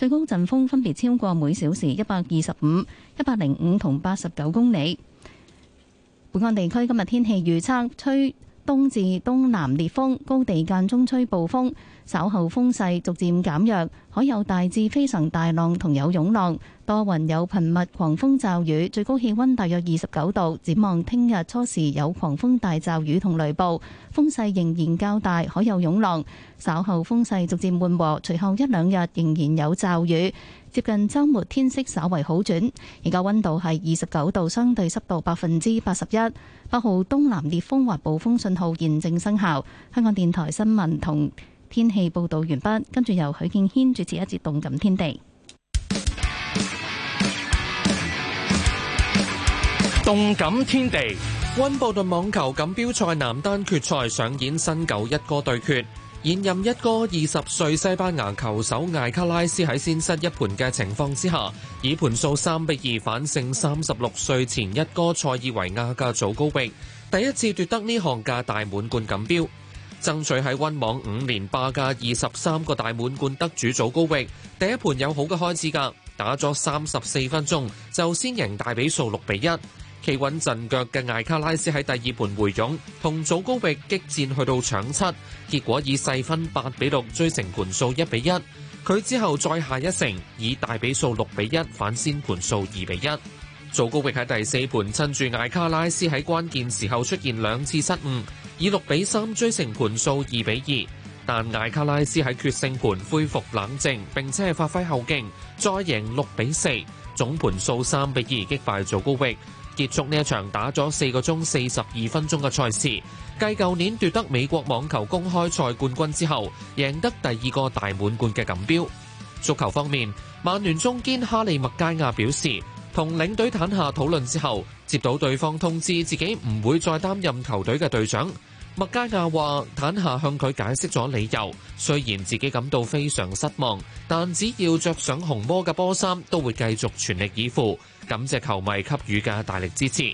最高陣風分別超過每小時一百二十五、一百零五同八十九公里。本港地區今日天，天氣預測，吹東至東南烈風，高地間中吹暴風。稍後風勢逐漸減弱，海有大致非常大浪同有湧浪。多雲有頻密狂風驟雨，最高氣溫大約二十九度。展望聽日初時有狂風大驟雨同雷暴，風勢仍然較大，海有湧浪。稍後風勢逐漸緩和，隨後一兩日仍然有驟雨。接近周末天色稍為好轉。而家溫度係二十九度，相對濕度百分之八十一。八號東南烈風或暴風信號現正生效。香港電台新聞同。天氣報道完畢，跟住由許敬軒主持一節動感天地。動感天地，溫布頓網球錦標賽男單決賽上演新舊一哥對決。現任一哥二十歲西班牙球手艾卡拉斯喺先失一盤嘅情況之下，以盤數三比二反勝三十六歲前一哥塞爾維亞嘅祖高域，第一次奪得呢項嘅大滿貫錦標。爭取喺溫網五連霸嘅二十三個大滿貫得主祖高域第一盤有好嘅開始㗎，打咗三十四分鐘就先贏大比數六比一，企穩陣腳嘅艾卡拉斯喺第二盤回勇，同祖高域激戰去到搶七，結果以細分八比六追成盤數一比一，佢之後再下一城，以大比數六比一反先盤數二比一，祖高域喺第四盤趁住艾卡拉斯喺關鍵時候出現兩次失誤，以六比三追成盤數二比二，但艾卡拉斯喺決勝盤恢復冷靜，並且係發揮後勁，再贏六比四，總盤數三比二擊敗祖高域，結束呢一場打咗四個鐘四十二分鐘嘅賽事。繼舊年奪得美國網球公開賽冠軍之後，贏得第二個大滿貫嘅錦標。足球方面，曼聯中堅哈利麥佳亞表示，同領隊坦下討論之後，接到對方通知，自己唔會再擔任球隊嘅隊長。麥嘉亞話：坦夏向佢解釋咗理由，雖然自己感到非常失望，但只要着上紅魔嘅波衫，都會繼續全力以赴，感謝球迷給予嘅大力支持。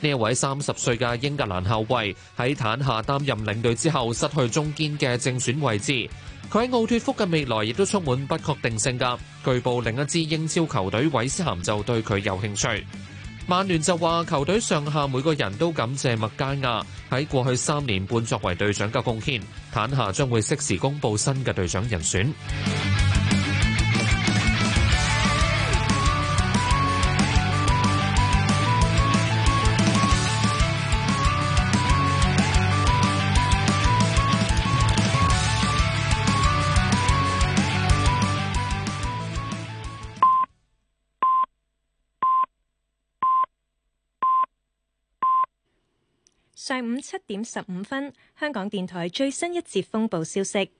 呢一位三十歲嘅英格蘭後衛喺坦夏擔任領隊之後，失去中堅嘅正選位置，佢喺奧脫福嘅未來亦都充滿不確定性㗎。據報另一支英超球隊韋斯咸就對佢有興趣。曼聯就話，球隊上下每個人都感謝麥加亞喺過去三年半作為隊長嘅貢獻，坦下將會適時公布新嘅隊長人選。上午七點十五分，香港電台最新一節風暴消息：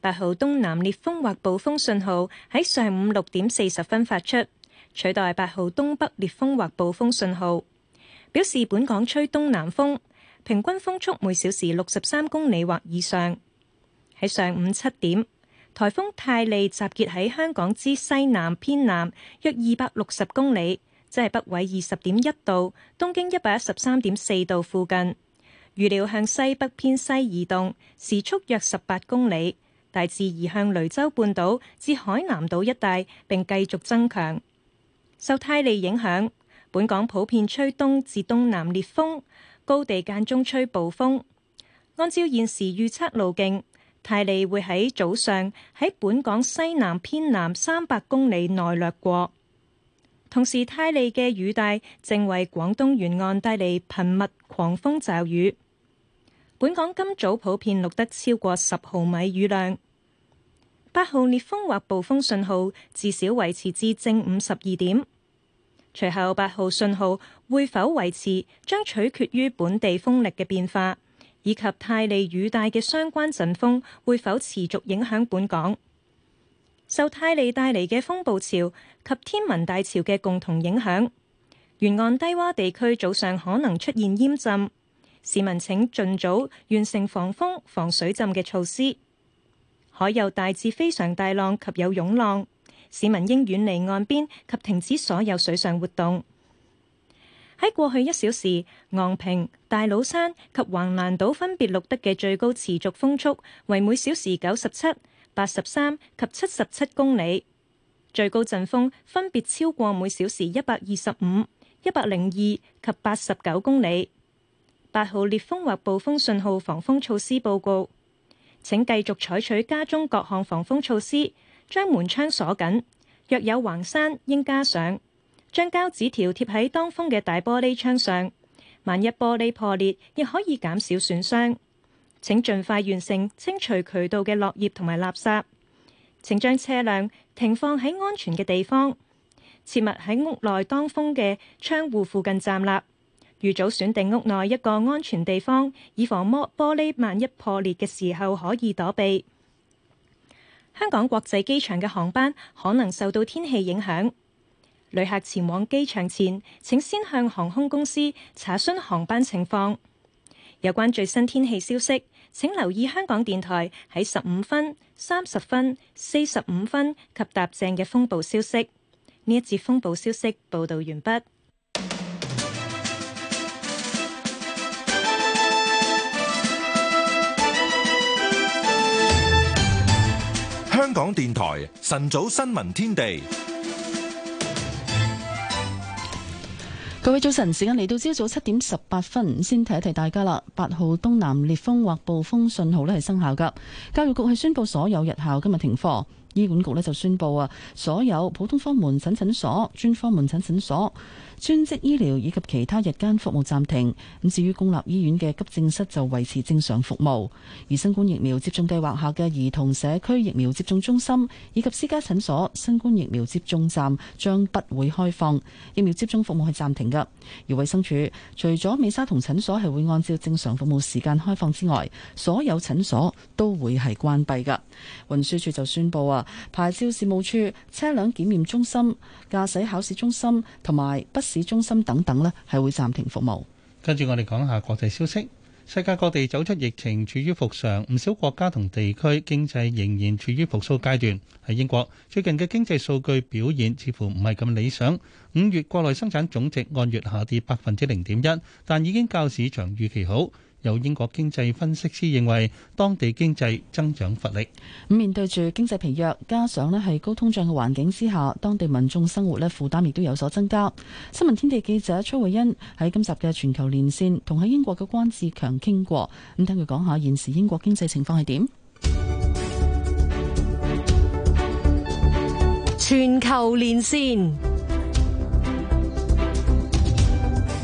八號東南烈風或暴風信號喺上午六點四十分發出，取代八號東北烈風或暴風信號，表示本港吹東南風，平均風速每小時六十三公里或以上。喺上午七點，颱風泰利集結喺香港之西南偏南，約二百六十公里。即係北緯二十點一度，東經一百一十三點四度附近，預料向西北偏西移動，時速約十八公里，大致移向雷州半島至海南島一帶，並繼續增強。受泰利影響，本港普遍吹東至東南烈風，高地間中吹暴風。按照現時預測路徑，泰利會喺早上喺本港西南偏南三百公里內掠過。同時，泰利嘅雨帶正為廣東沿岸帶嚟頻密狂風驟雨。本港今早普遍錄得超過十毫米雨量。八號烈風或暴風信號至少維持至正午十二點。隨後八號信號會否維持，將取決於本地風力嘅變化，以及泰利雨帶嘅相關陣風會否持續影響本港。受泰利帶嚟嘅風暴潮及天文大潮嘅共同影響，沿岸低洼地區早上可能出現淹浸，市民請盡早完成防風、防水浸嘅措施。海有大致非常大浪及有湧浪，市民應遠離岸邊及停止所有水上活動。喺過去一小時，昂坪、大老山及橫瀾島分別錄得嘅最高持續風速為每小時九十七。八十三及七十七公里，最高陣風分別超過每小時一百二十五、一百零二及八十九公里。八號烈風或暴風信號防風措施報告。請繼續採取家中各項防風措施，將門窗鎖緊。若有橫山，應加上將膠紙條貼喺當風嘅大玻璃窗上。萬一玻璃破裂，亦可以減少損傷。請盡快完成清除渠道嘅落葉同埋垃圾，請將車輛停放喺安全嘅地方，切勿喺屋內當風嘅窗戶附近站立。預早選定屋內一個安全地方，以防玻璃萬一破裂嘅時候可以躲避。香港國際機場嘅航班可能受到天氣影響，旅客前往機場前，請先向航空公司查詢航班情況。有關最新天氣消息，請留意香港電台喺十五分、三十分、四十五分及搭正嘅風暴消息。呢一節風暴消息報導完畢。香港電台晨早新聞天地。各位早晨，時間嚟到朝早七點十八分，先提一提大家啦。八號東南烈風或暴風信號呢係生效噶。教育局係宣布所有日校今日停課。醫管局呢就宣布啊，所有普通科門診診所、專科門診診所，專職醫療以及其他日間服務暫停，咁至於公立醫院嘅急症室就維持正常服務。而新冠疫苗接種計劃下嘅兒童社區疫苗接種中心以及私家診所新冠疫苗接種站將不會開放，疫苗接種服務係暫停嘅。而衛生署除咗美沙酮診所係會按照正常服務時間開放之外，所有診所都會係關閉嘅。運輸署就宣布啊，牌照事務處、車輛檢驗中心、駕駛考試中心同埋不。市中心等等呢，係會暫停服務。跟住我哋講下國際消息，世界各地走出疫情，處於復常，唔少國家同地區經濟仍然處於復蘇階段。喺英國，最近嘅經濟數據表現似乎唔係咁理想。五月國內生產總值按月下跌百分之零點一，但已經較市場預期好。有英國經濟分析師認為，當地經濟增長乏力。面對住經濟疲弱，加上呢係高通脹嘅環境之下，當地民眾生活呢負擔亦都有所增加。新聞天地記者崔慧欣喺今集嘅全球連線同喺英國嘅關志強傾過，咁聽佢講下現時英國經濟情況係點？全球連線。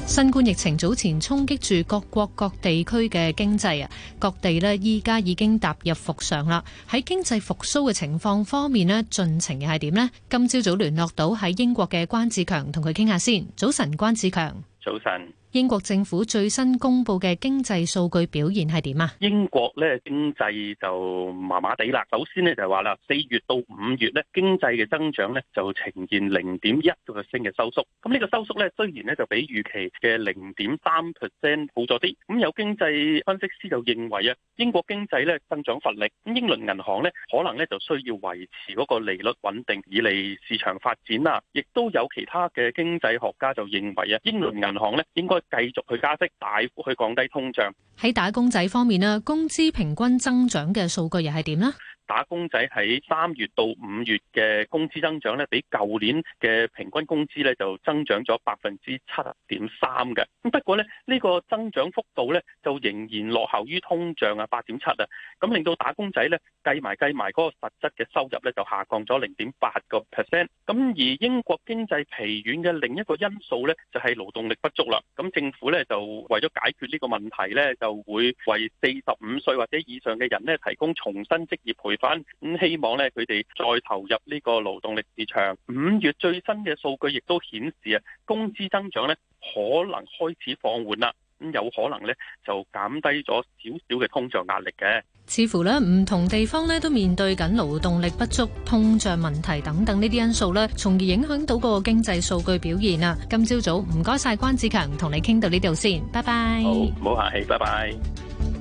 新冠疫情早前衝擊住各國各地區嘅經濟啊，各地咧依家已經踏入復常啦。喺經濟復蘇嘅情況方面咧，進程又係點咧？今朝早，早聯絡到喺英國嘅關志強，同佢傾下先。早晨，關志強。早晨。英國政府最新公布嘅經濟數據表現係點啊？英國咧經濟就麻麻地啦。首先咧就係話啦，四月到五月咧經濟嘅增長咧就呈現零點一個 percent 嘅收縮。咁呢個收縮咧雖然咧就比預期嘅零點三 percent 好咗啲。咁有經濟分析師就認為啊，英國經濟咧增長乏力。咁英倫銀行咧可能咧就需要維持嗰個利率穩定以嚟市場發展啦。亦都有其他嘅經濟學家就認為啊，英倫銀行咧應該。繼續去加息，大幅去降低通脹。喺打工仔方面呢，工資平均增長嘅數據又係點呢？打工仔喺三月到五月嘅工資增長咧，比舊年嘅平均工資咧就增長咗百分之七點三嘅。咁不過咧，呢個增長幅度咧就仍然落後於通脹啊，八點七啊。咁令到打工仔咧計埋計埋嗰個實質嘅收入咧就下降咗零點八個 percent。咁而英國經濟疲軟嘅另一個因素咧就係勞動力不足啦。咁政府咧就為咗解決呢個問題咧，就會為四十五歲或者以上嘅人咧提供重新職業培。反咁希望咧，佢哋再投入呢個勞動力市場。五月最新嘅數據亦都顯示啊，工資增長咧可能開始放緩啦，咁、嗯、有可能咧就減低咗少少嘅通脹壓力嘅。似乎咧，唔同地方咧都面對緊勞動力不足、通脹問題等等呢啲因素咧，從而影響到個經濟數據表現啊。今朝早唔該晒關智強，同你傾到呢度先，拜拜。好，唔好客氣，拜拜。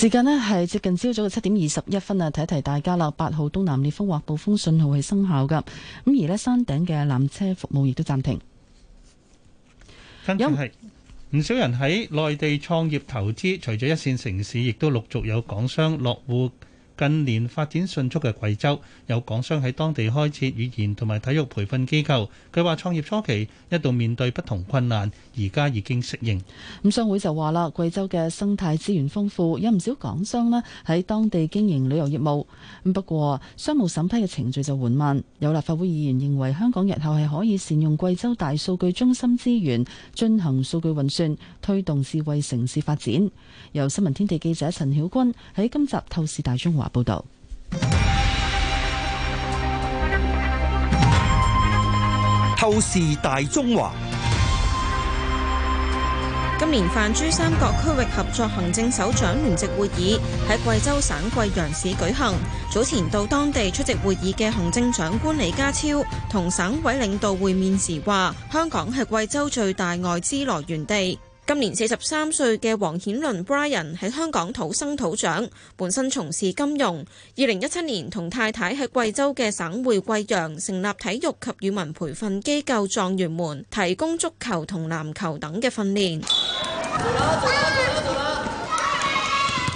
時間咧係接近朝早嘅七點二十一分啊，提提大家啦，八號東南烈風或暴風信號係生效噶，咁而呢山頂嘅纜車服務亦都暫停。唔有少人喺內地創業投資，除咗一線城市，亦都陸續有港商落戶。近年發展迅速嘅貴州，有港商喺當地開設語言同埋體育培訓機構。佢話創業初期一度面對不同困難，而家已經適應。咁商會就話啦，貴州嘅生態資源豐富，有唔少港商咧喺當地經營旅遊業務。咁不過，商務審批嘅程序就緩慢。有立法會議員認為，香港日後係可以善用貴州大數據中心資源，進行數據運算，推動智慧城市發展。由新聞天地記者陳曉君喺今集透視大中華。報道透視大中華。今年泛珠三角區域合作行政首長聯席會議喺貴州省貴陽市舉行。早前到當地出席會議嘅行政長官李家超同省委領導會面時話：香港係貴州最大外資來源地。今年四十三歲嘅黃顯倫 （Brian） 喺香港土生土長，本身從事金融。二零一七年同太太喺貴州嘅省會貴陽成立體育及語文培訓機構狀元門，提供足球同籃球等嘅訓練。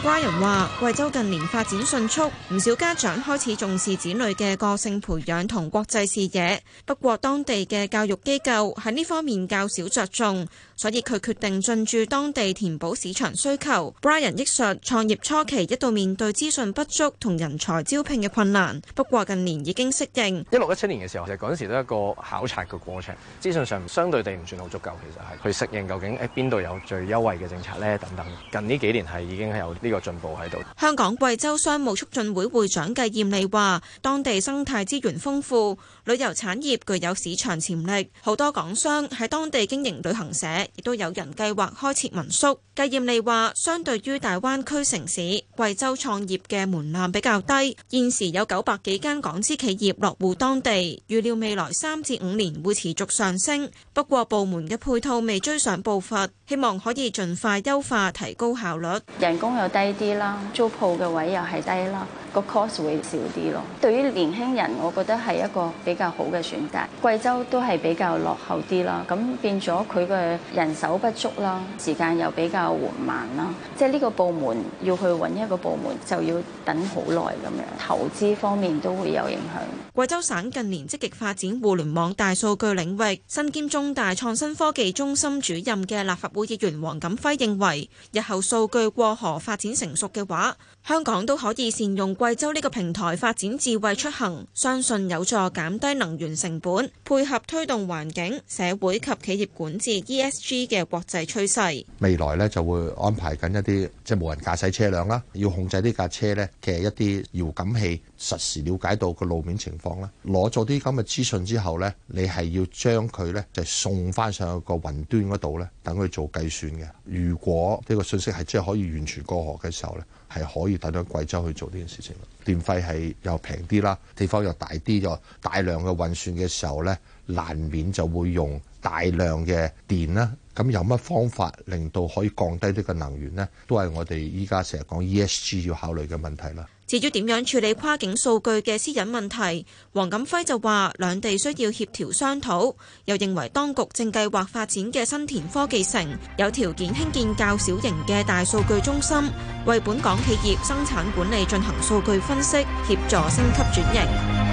Brian 話：貴州近年發展迅速，唔少家長開始重視子女嘅個性培養同國際視野，不過當地嘅教育機構喺呢方面較少着重。所以佢決定進駐當地，填補市場需求。Brian 憶述，創業初期一度面對資訊不足同人才招聘嘅困難，不過近年已經適應。一六一七年嘅時候，其實嗰陣時都一個考察嘅過程，資訊上相對地唔算好足夠，其實係去適應究竟喺邊度有最優惠嘅政策咧等等。近呢幾年係已經係有呢個進步喺度。香港貴州商務促進會會長嘅艷利話，當地生態資源豐富。旅遊產業具有市場潛力，好多港商喺當地經營旅行社，亦都有人計劃開設民宿。計豔利話：相對於大灣區城市，惠州創業嘅門檻比較低。現時有九百幾間港資企業落戶當地，預料未來三至五年會持續上升。不過部門嘅配套未追上步伐，希望可以盡快優化，提高效率。人工又低啲啦，租鋪嘅位又係低啦，個 cost 會少啲咯。對於年輕人，我覺得係一個比較好嘅選擇，貴州都係比較落後啲啦，咁變咗佢嘅人手不足啦，時間又比較緩慢啦，即係呢個部門要去揾一個部門就要等好耐咁樣，投資方面都會有影響。貴州省近年積極發展互聯網大數據領域，身兼中大創新科技中心主任嘅立法會議員黃錦輝認為，日後數據過河發展成熟嘅話，香港都可以善用貴州呢個平台發展智慧出行，相信有助減低能源成本，配合推動環境、社會及企業管治 （ESG） 嘅國際趨勢。未來咧就會安排緊一啲即係無人駕駛車輛啦。要控制呢架車咧嘅一啲遙感器，實時了解到個路面情況啦。攞咗啲咁嘅資訊之後咧，你係要將佢咧就送翻上個雲端嗰度咧，等佢做計算嘅。如果呢個信息係真係可以完全過河嘅時候咧。係可以帶到貴州去做呢件事情啦，電費係又平啲啦，地方又大啲，又大量嘅運算嘅時候呢，難免就會用大量嘅電啦。咁有乜方法令到可以降低呢個能源呢？都係我哋依家成日講 ESG 要考慮嘅問題啦。至於點樣處理跨境數據嘅私隱問題，黃錦輝就話兩地需要協調商討，又認為當局正計劃發展嘅新田科技城有條件興建較小型嘅大數據中心，為本港企業生產管理進行數據分析，協助升級轉型。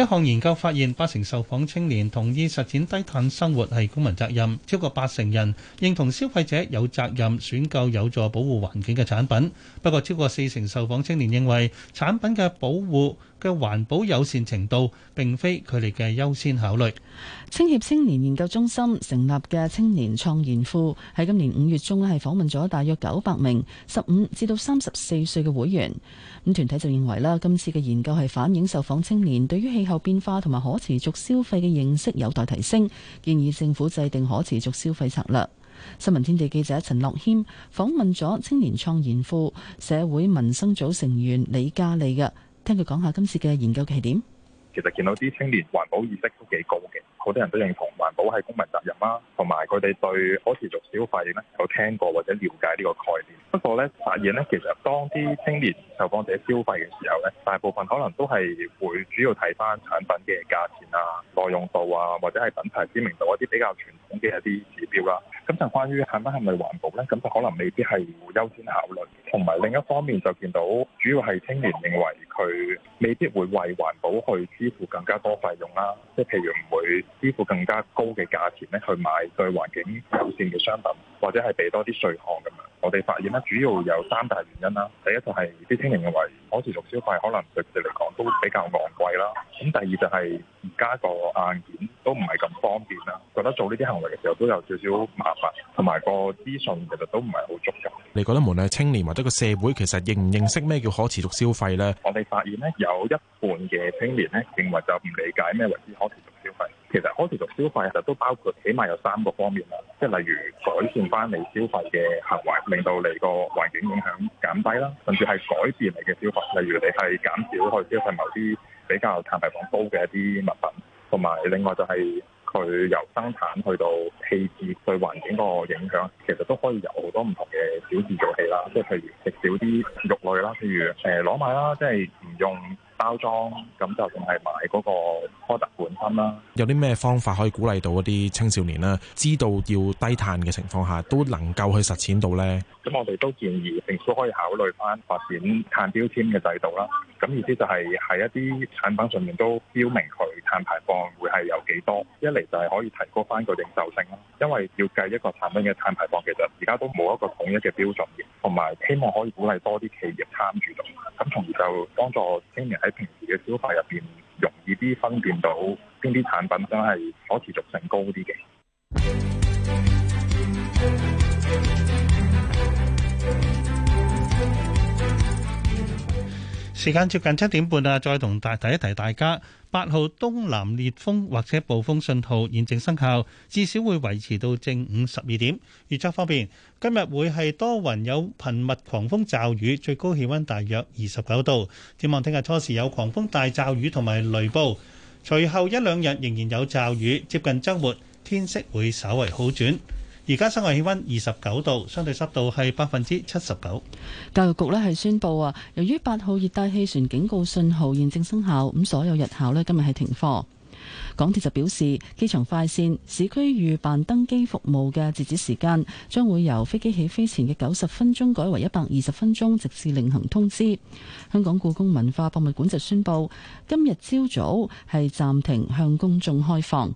一項研究發現，八成受訪青年同意實踐低碳生活係公民責任，超過八成人認同消費者有責任選購有助保護環境嘅產品。不過，超過四成受訪青年認為產品嘅保護。嘅環保友善程度並非佢哋嘅優先考慮。青協青年研究中心成立嘅青年創研庫喺今年五月中咧，係訪問咗大約九百名十五至到三十四歲嘅會員。咁團體就認為啦，今次嘅研究係反映受訪青年對於氣候變化同埋可持續消費嘅認識有待提升，建議政府制定可持續消費策略。新聞天地記者陳樂謙訪問咗青年創研庫社會民生組成員李嘉莉嘅。聽佢講下今次嘅研究嘅起點。其實見到啲青年環保意識都幾高嘅，好多人都認同環保係公民責任啦。同埋佢哋對可持續消費咧有聽過或者了解呢個概念。不過咧，發現咧，其實當啲青年受訪者消費嘅時候咧，大部分可能都係會主要睇翻產品嘅價錢啊、耐用度啊，或者係品牌知名度一啲比較傳統嘅一啲指標啦。咁就關於係咪係咪環保咧，咁就可能未必係優先考慮。同埋另一方面就見到，主要係青年認為。佢未必會為環保去支付更加多費用啦，即係譬如唔會支付更加高嘅價錢咧去買對環境友善嘅商品，或者係俾多啲稅項咁樣。我哋發現咧，主要有三大原因啦。第一就係啲青年認為可持續消費可能對佢哋嚟講都比較昂貴啦。咁第二就係而家個硬件都唔係咁方便啦，覺得做呢啲行為嘅時候都有少少麻煩，同埋個資訊其實都唔係好足夠。你覺得無論係青年或者個社會，其實認唔認識咩叫可持續消費咧？我哋發現咧，有一半嘅青年咧認為就唔理解咩為之可持續消費。其實可持續消費，其實都包括起碼有三個方面啦，即係例如改善翻你消費嘅行為，令到你個環境影響減低啦，甚至係改變你嘅消費，例如你係減少去消費某啲比較碳排放高嘅一啲物品，同埋另外就係佢由生產去到棄置對環境個影響，其實都可以由好多唔同嘅小事做起啦，即係譬如食少啲肉類啦，譬如誒攞埋啦，即係唔用包裝咁就淨係買嗰個 product 本身啦。有啲咩方法可以鼓勵到嗰啲青少年咧，知道要低碳嘅情況下，都能夠去實踐到呢？咁我哋都建議政府可以考慮翻發展碳標籤嘅制度啦。咁意思就係喺一啲產品上面都標明佢碳排放會係有幾多，一嚟就係可以提高翻個認受性啦。因為要計一個產品嘅碳排放，其實而家都冇一個統一嘅標準，同埋希望可以鼓勵多啲企業參與到，咁從而就幫助青年喺喺平時嘅消費入邊，容易啲分辨到邊啲產品真係可持續性高啲嘅。時間接近七點半喇，再同大提一提大家。八號東南烈風或者暴風信號現正生效，至少會維持到正午十二點。預測方面，今日會係多雲有頻密狂風驟雨，最高氣溫大約二十九度。展望聽日初時有狂風大驟雨同埋雷暴，隨後一兩日仍然有驟雨，接近周末天色會稍為好轉。而家室外氣溫二十九度，相對濕度係百分之七十九。教育局呢係宣布啊，由於八號熱帶氣旋警告信號現正生效，咁所有日校呢今日係停課。港鐵就表示，機場快線、市區預辦登機服務嘅截止時間將會由飛機起飛前嘅九十分鐘改為一百二十分鐘，直至另行通知。香港故宮文化博物館就宣布，今日朝早係暫停向公眾開放。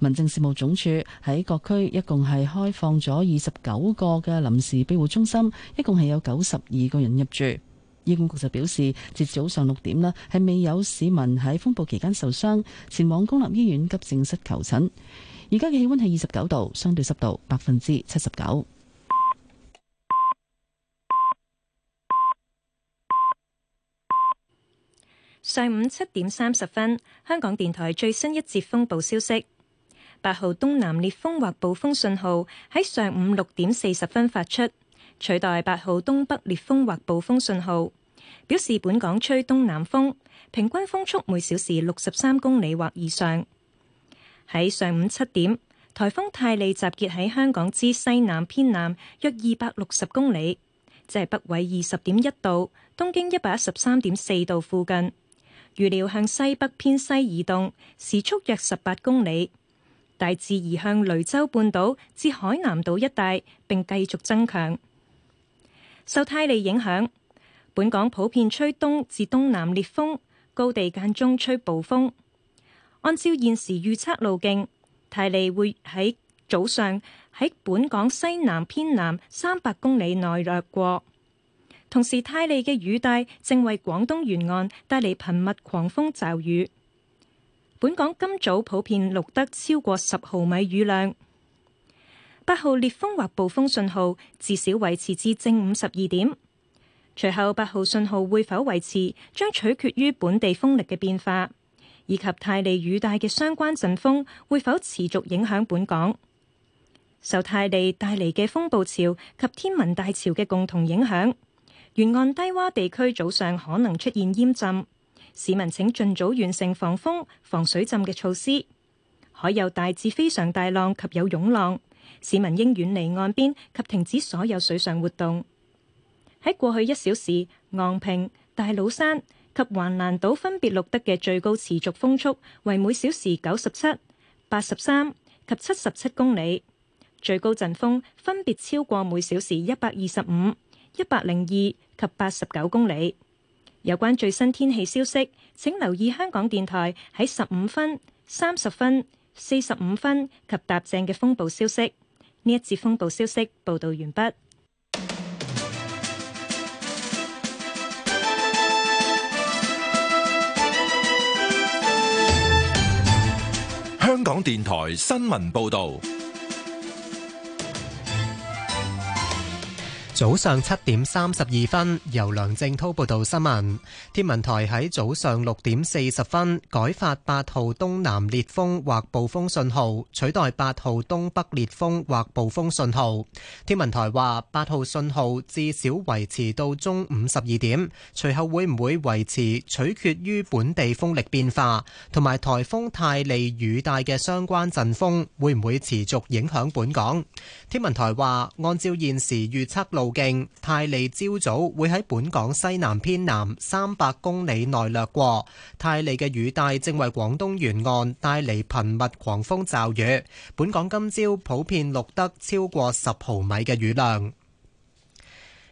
民政事務總署喺各區一共係開放咗二十九個嘅臨時庇護中心，一共係有九十二個人入住。醫管局就表示，截至早上六點呢，係未有市民喺風暴期間受傷前往公立醫院急症室求診。而家嘅氣溫係二十九度，相對濕度百分之七十九。上午七點三十分，香港電台最新一節風暴消息：八號東南烈風或暴風信號喺上午六點四十分發出。取代八號東北烈風或暴風信號，表示本港吹東南風，平均風速每小時六十三公里或以上。喺上午七點，台風泰利集結喺香港之西南偏南約二百六十公里，即係北緯二十點一度，東經一百一十三點四度附近。預料向西北偏西移動，時速約十八公里，大致移向雷州半島至海南島一帶，並繼續增強。受泰利影響，本港普遍吹東至東南烈風，高地間中吹暴風。按照現時預測路徑，泰利會喺早上喺本港西南偏南三百公里內掠過。同時泰利嘅雨帶正為廣東沿岸帶嚟頻密狂風驟雨。本港今早普遍錄得超過十毫米雨量。八號烈風或暴風信號至少維持至正午十二點。隨後八號信號會否維持，將取決於本地風力嘅變化以及泰利雨帶嘅相關陣風會否持續影響本港。受泰利帶嚟嘅風暴潮及天文大潮嘅共同影響，沿岸低窪地區早上可能出現淹浸，市民請盡早完成防風、防水浸嘅措施。海有大至非常大浪及有湧浪。市民應遠離岸邊及停止所有水上活動。喺過去一小時，昂坪、大老山及橫瀾島分別錄得嘅最高持續風速為每小時九十七、八十三及七十七公里，最高陣風分別超過每小時一百二十五、一百零二及八十九公里。有關最新天氣消息，請留意香港電台喺十五分、三十分、四十五分及搭正嘅風暴消息。呢一節風暴消息報導完畢。香港電台新聞報導。早上七點三十二分，由梁正濤報道新聞。天文台喺早上六點四十分改發八號東南烈風或暴風信號，取代八號東北烈風或暴風信號。天文台話，八號信號至少維持到中午十二點，隨後會唔會維持取決於本地風力變化同埋台風泰利雨帶嘅相關陣風會唔會持續影響本港。天文台話，按照現時預測路勁泰利朝早會喺本港西南偏南三百公里內掠過，泰利嘅雨帶正為廣東沿岸帶嚟頻密狂風驟雨，本港今朝普遍錄得超過十毫米嘅雨量。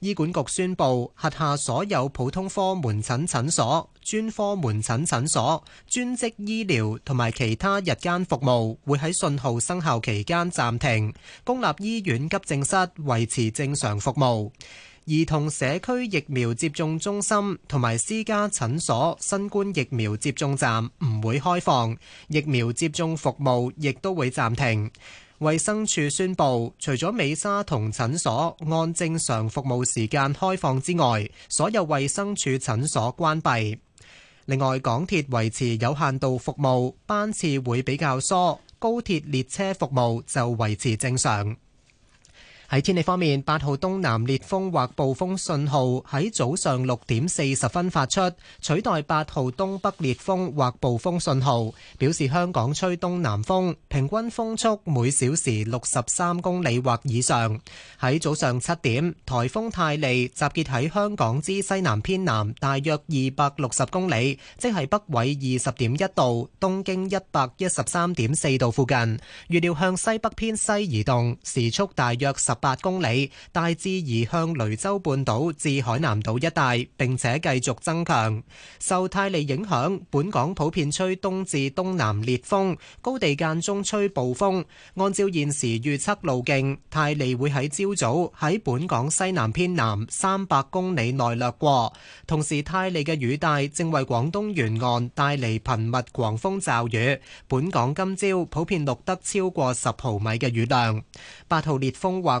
醫管局宣布，轄下所有普通科門診診所、專科門診診所、專職醫療同埋其他日間服務會喺信號生效期間暫停。公立醫院急症室維持正常服務。兒童社區疫苗接種中心同埋私家診所、新冠疫苗接種站唔會開放，疫苗接種服務亦都會暫停。衛生署宣布，除咗美沙酮診所按正常服務時間開放之外，所有衛生署診所關閉。另外，港鐵維持有限度服務，班次會比較疏，高鐵列車服務就維持正常。喺天氣方面，八號東南烈風或暴風信號喺早上六點四十分發出，取代八號東北烈風或暴風信號，表示香港吹東南風，平均風速每小時六十三公里或以上。喺早上七點，颱風泰利集結喺香港之西南偏南大約二百六十公里，即係北緯二十點一度、東經一百一十三點四度附近，預料向西北偏西移動，時速大約十八公里，大致移向雷州半島至海南島一帶，並且繼續增強。受泰利影響，本港普遍吹東至東南烈風，高地間中吹暴風。按照現時預測路徑，泰利會喺朝早喺本港西南偏南三百公里內掠過。同時，泰利嘅雨帶正為廣東沿岸帶嚟頻密狂風驟雨，本港今朝普遍錄得超過十毫米嘅雨量。八號烈風或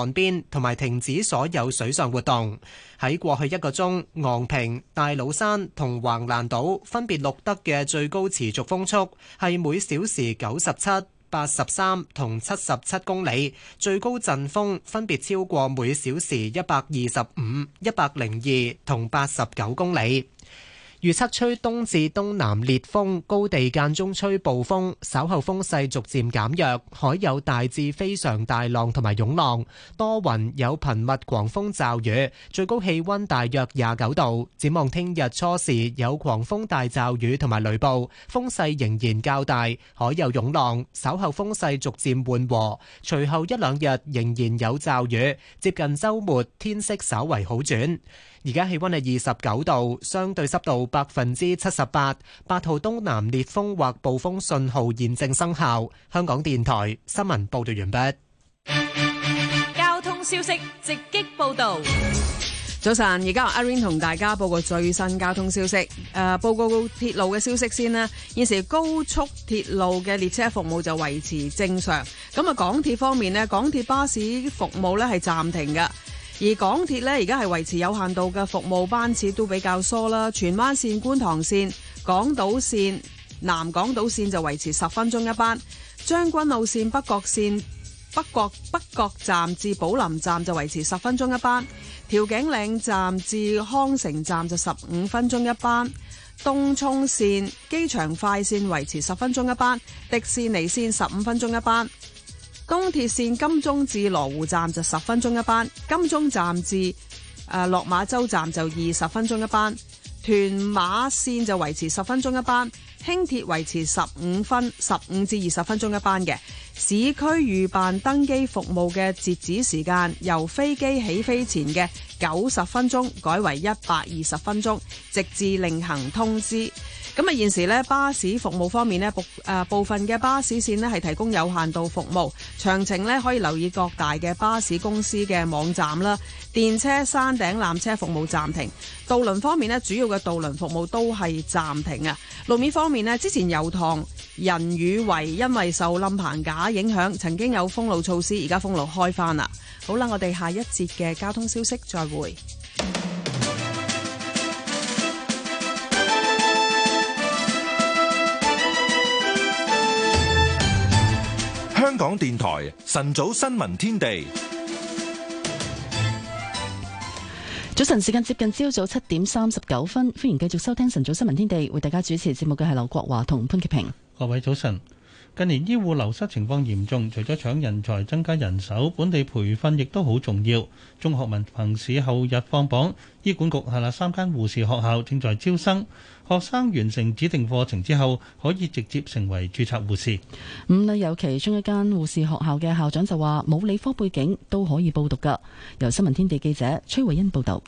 岸邊同埋停止所有水上活動。喺過去一個鐘，昂坪、大老山同橫瀾島分別錄得嘅最高持續風速係每小時九十七、八十三同七十七公里，最高陣風分別超過每小時一百二十五、一百零二同八十九公里。預測吹東至東南烈風，高地間中吹暴風，稍後風勢逐漸減弱，海有大至非常大浪同埋湧浪，多雲有頻密狂風驟雨，最高氣溫大約廿九度。展望聽日初時有狂風大驟雨同埋雷暴，風勢仍然較大，海有湧浪，稍後風勢逐漸緩和。隨後一兩日仍然有驟雨，接近週末天色稍為好轉。而家氣溫係二十九度，相對濕度百分之七十八，八號東南烈風或暴風信號現正生效。香港電台新聞報道完畢。交通消息直擊報道：早晨，而家阿 Rain 同大家報告最新交通消息。誒、呃，報告鐵路嘅消息先啦。現時高速鐵路嘅列車服務就維持正常。咁啊，港鐵方面咧，港鐵巴士服務咧係暫停嘅。而港鐵呢，而家係維持有限度嘅服務班次都比較疏啦。荃灣線、觀塘線、港島線、南港島線就維持十分鐘一班；將軍澳線、北角線、北角北角站至寶林站就維持十分鐘一班；調景嶺站至康城站就十五分鐘一班；東涌線、機場快線維持十分鐘一班；迪士尼線十五分鐘一班。東鐵線金鐘至羅湖站就十分鐘一班，金鐘站至誒、呃、落馬洲站就二十分鐘一班，屯馬線就維持十分鐘一班，輕鐵維持十五分，十五至二十分鐘一班嘅。市區預辦登機服務嘅截止時間由飛機起飛前嘅九十分鐘改為一百二十分鐘，直至另行通知。咁啊，現時咧，巴士服務方面咧，部誒部分嘅巴士線咧係提供有限度服務，詳情咧可以留意各大嘅巴士公司嘅網站啦。電車、山頂纜車服務暫停，渡輪方面咧，主要嘅渡輪服務都係暫停啊。路面方面咧，之前油塘仁宇圍因為受冧棚架影響，曾經有封路措施，而家封路開翻啦。好啦，我哋下一節嘅交通消息再會。香港電台晨早新聞天地，早晨時間接近朝早七點三十九分，歡迎繼續收聽晨早新聞天地，為大家主持節目嘅係劉國華同潘潔平。各位早晨，近年醫護流失情況嚴重，除咗搶人才、增加人手，本地培訓亦都好重要。中學文憑試後日放榜，醫管局下轄三間護士學校正在招生。學生完成指定課程之後，可以直接成為註冊護士。五啊、嗯，有其中一間護士學校嘅校長就話，冇理科背景都可以報讀㗎。由新聞天地記者崔慧欣報道。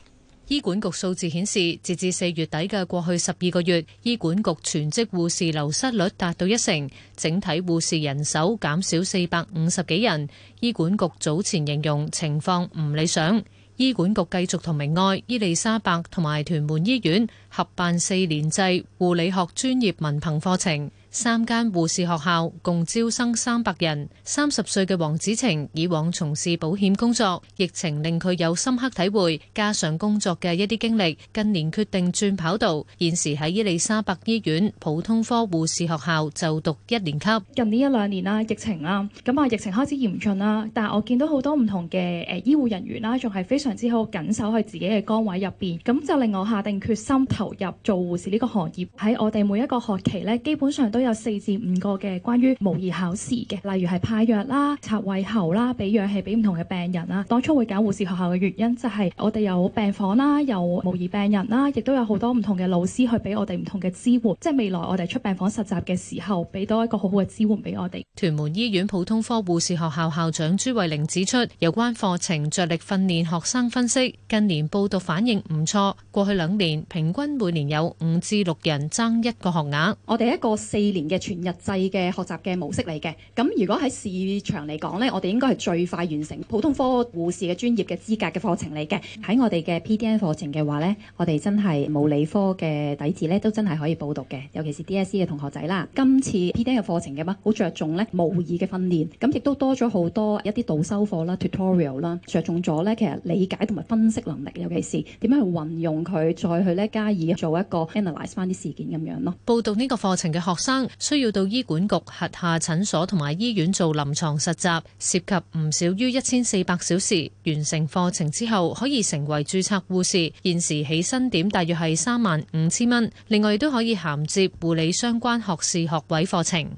醫管局數字顯示，截至四月底嘅過去十二個月，醫管局全職護士流失率達到一成，整體護士人手減少四百五十幾人。醫管局早前形容情況唔理想。醫管局繼續同明愛、伊利沙伯同埋屯門醫院合辦四年制護理學專業文憑課程。三間護士學校共招生三百人。三十歲嘅黃子晴以往從事保險工作，疫情令佢有深刻體會，加上工作嘅一啲經歷，近年決定轉跑道，現時喺伊利沙伯醫院普通科護士學校就讀一年級。近呢一兩年啦，疫情啦，咁啊，疫情開始嚴峻啦，但係我見到好多唔同嘅誒醫護人員啦，仲係非常之好緊守喺自己嘅崗位入邊，咁就令我下定決心投入做護士呢個行業。喺我哋每一個學期呢，基本上都有四至五個嘅關於模擬考試嘅，例如係派藥啦、拆胃喉啦、俾氧氣俾唔同嘅病人啦。當初會揀護士學校嘅原因，就係、是、我哋有病房啦，有模擬病人啦，亦都有好多唔同嘅老師去俾我哋唔同嘅支援。即係未來我哋出病房實習嘅時候，俾到一個好好嘅支援俾我哋。屯門醫院普通科護士學校，校校長朱慧玲指出，有關課程着力訓練學生分析，近年報讀反應唔錯。過去兩年平均每年有五至六人爭一個學額。我哋一個四。年嘅全日制嘅學習嘅模式嚟嘅，咁如果喺市場嚟講咧，我哋應該係最快完成普通科護士嘅專業嘅資格嘅課程嚟嘅。喺 我哋嘅 PDN 課程嘅話咧，我哋真係冇理科嘅底子咧，都真係可以報讀嘅。尤其是 DSE 嘅同學仔啦，今次 PDN 嘅課程嘅話好着重咧模擬嘅訓練，咁亦都多咗好多一啲導修課啦、tutorial 啦，着重咗咧其實理解同埋分析能力，尤其是點樣去運用佢，再去咧加以做一個 analyze 翻啲事件咁樣咯。報讀呢個課程嘅學生，需要到醫管局轄下診所同埋醫院做臨床實習，涉及唔少於一千四百小時。完成課程之後，可以成為註冊護士。現時起薪點大約係三萬五千蚊，另外亦都可以銜接護理相關學士學位課程。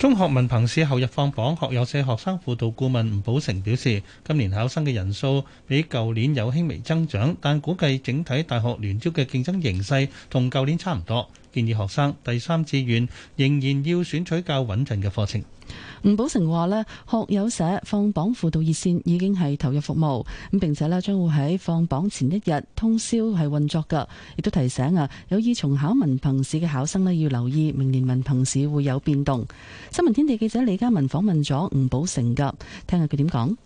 中學文憑試後日放榜，學友社學生輔導顧問吳寶成表示，今年考生嘅人數比舊年有輕微增長，但估計整體大學聯招嘅競爭形勢同舊年差唔多。建議學生第三志願仍然要選取較穩陣嘅課程。吳寶城話咧，學友社放榜輔導熱線已經係投入服務，咁並且咧，將會喺放榜前一日通宵係運作噶亦都提醒啊有意重考文憑試嘅考生咧，要留意明年文憑試會有變動。新聞天地記者李家文訪問咗吳寶城噶聽下佢點講。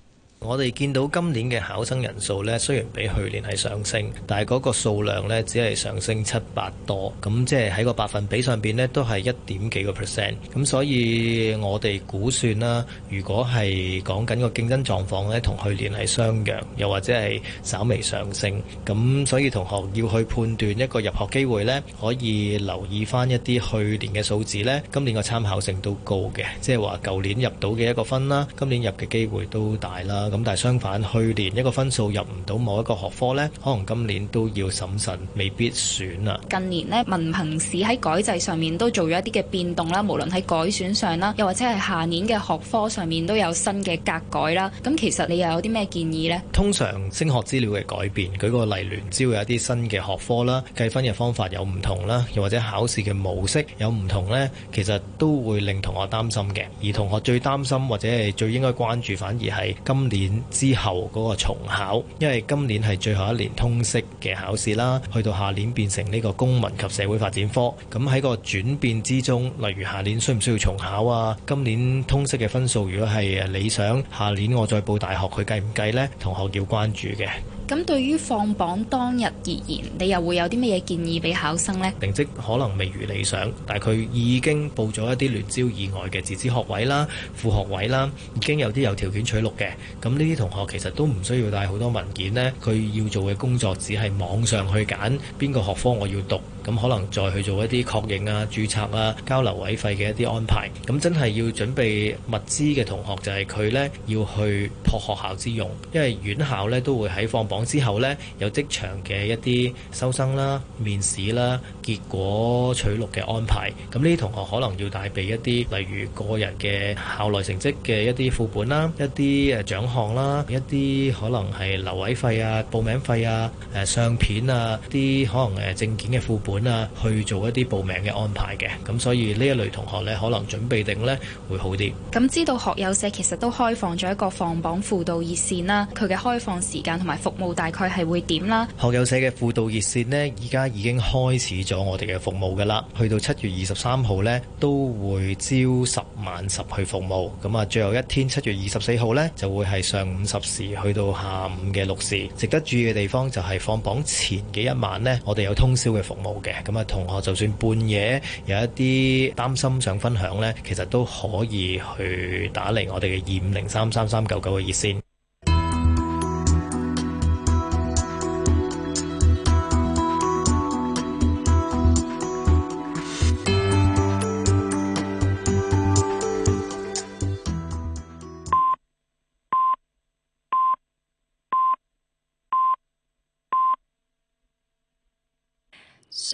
我哋見到今年嘅考生人數呢，雖然比去年係上升，但係嗰個數量呢，只係上升七百多，咁即係喺個百分比上邊呢，都係一點幾個 percent，咁所以我哋估算啦、啊，如果係講緊個競爭狀況呢，同去年係相若，又或者係稍微上升，咁所以同學要去判斷一個入學機會呢，可以留意翻一啲去年嘅數字呢，今年嘅參考性都高嘅，即係話舊年入到嘅一個分啦，今年入嘅機會都大啦。咁但係相反，去年一個分數入唔到某一個學科呢，可能今年都要審慎，未必選啊。近年呢，文憑試喺改制上面都做咗一啲嘅變動啦，無論喺改選上啦，又或者係下年嘅學科上面都有新嘅格改啦。咁其實你又有啲咩建議呢？通常升學資料嘅改變，舉個例，聯招有一啲新嘅學科啦，計分嘅方法有唔同啦，又或者考試嘅模式有唔同呢，其實都會令同學擔心嘅。而同學最擔心或者係最應該關注，反而係今年年之後嗰個重考，因為今年係最後一年通識嘅考試啦，去到下年變成呢個公民及社會發展科。咁喺個轉變之中，例如下年需唔需要重考啊？今年通識嘅分數，如果係呃理想，下年我再報大學，佢計唔計呢？同學要關注嘅。咁對於放榜當日而言，你又會有啲乜嘢建議俾考生呢？成績可能未如理想，但係佢已經報咗一啲聯招以外嘅自資學位啦、副學位啦，已經有啲有條件取錄嘅。咁呢啲同學其實都唔需要帶好多文件呢，佢要做嘅工作只係網上去揀邊個學科我要讀。咁可能再去做一啲確認啊、註冊啊、交留位費嘅一啲安排。咁真係要準備物資嘅同學就係佢咧要去撲學校之用，因為院校咧都會喺放榜之後咧有職場嘅一啲收生啦、啊、面試啦、啊、結果取錄嘅安排。咁呢啲同學可能要帶備一啲，例如個人嘅校內成績嘅一啲副本啦、啊、一啲誒獎項啦、一啲可能係留位費啊、報名費啊、誒相片啊、啲可能誒證件嘅副本。本啊，去做一啲報名嘅安排嘅，咁所以呢一類同學呢，可能準備定呢會好啲。咁知道學友社其實都開放咗一個放榜輔導熱線啦，佢嘅開放時間同埋服務大概係會點啦？學友社嘅輔導熱線呢，而家已經開始咗我哋嘅服務㗎喇，去到七月二十三號呢，都會朝十晚十去服務。咁啊，最後一天七月二十四號呢，就會係上午十時去到下午嘅六時。值得注意嘅地方就係放榜前嘅一晚呢，我哋有通宵嘅服務。咁啊，同學就算半夜有一啲擔心想分享呢，其實都可以去打嚟我哋嘅二五零三三三九九嘅熱線。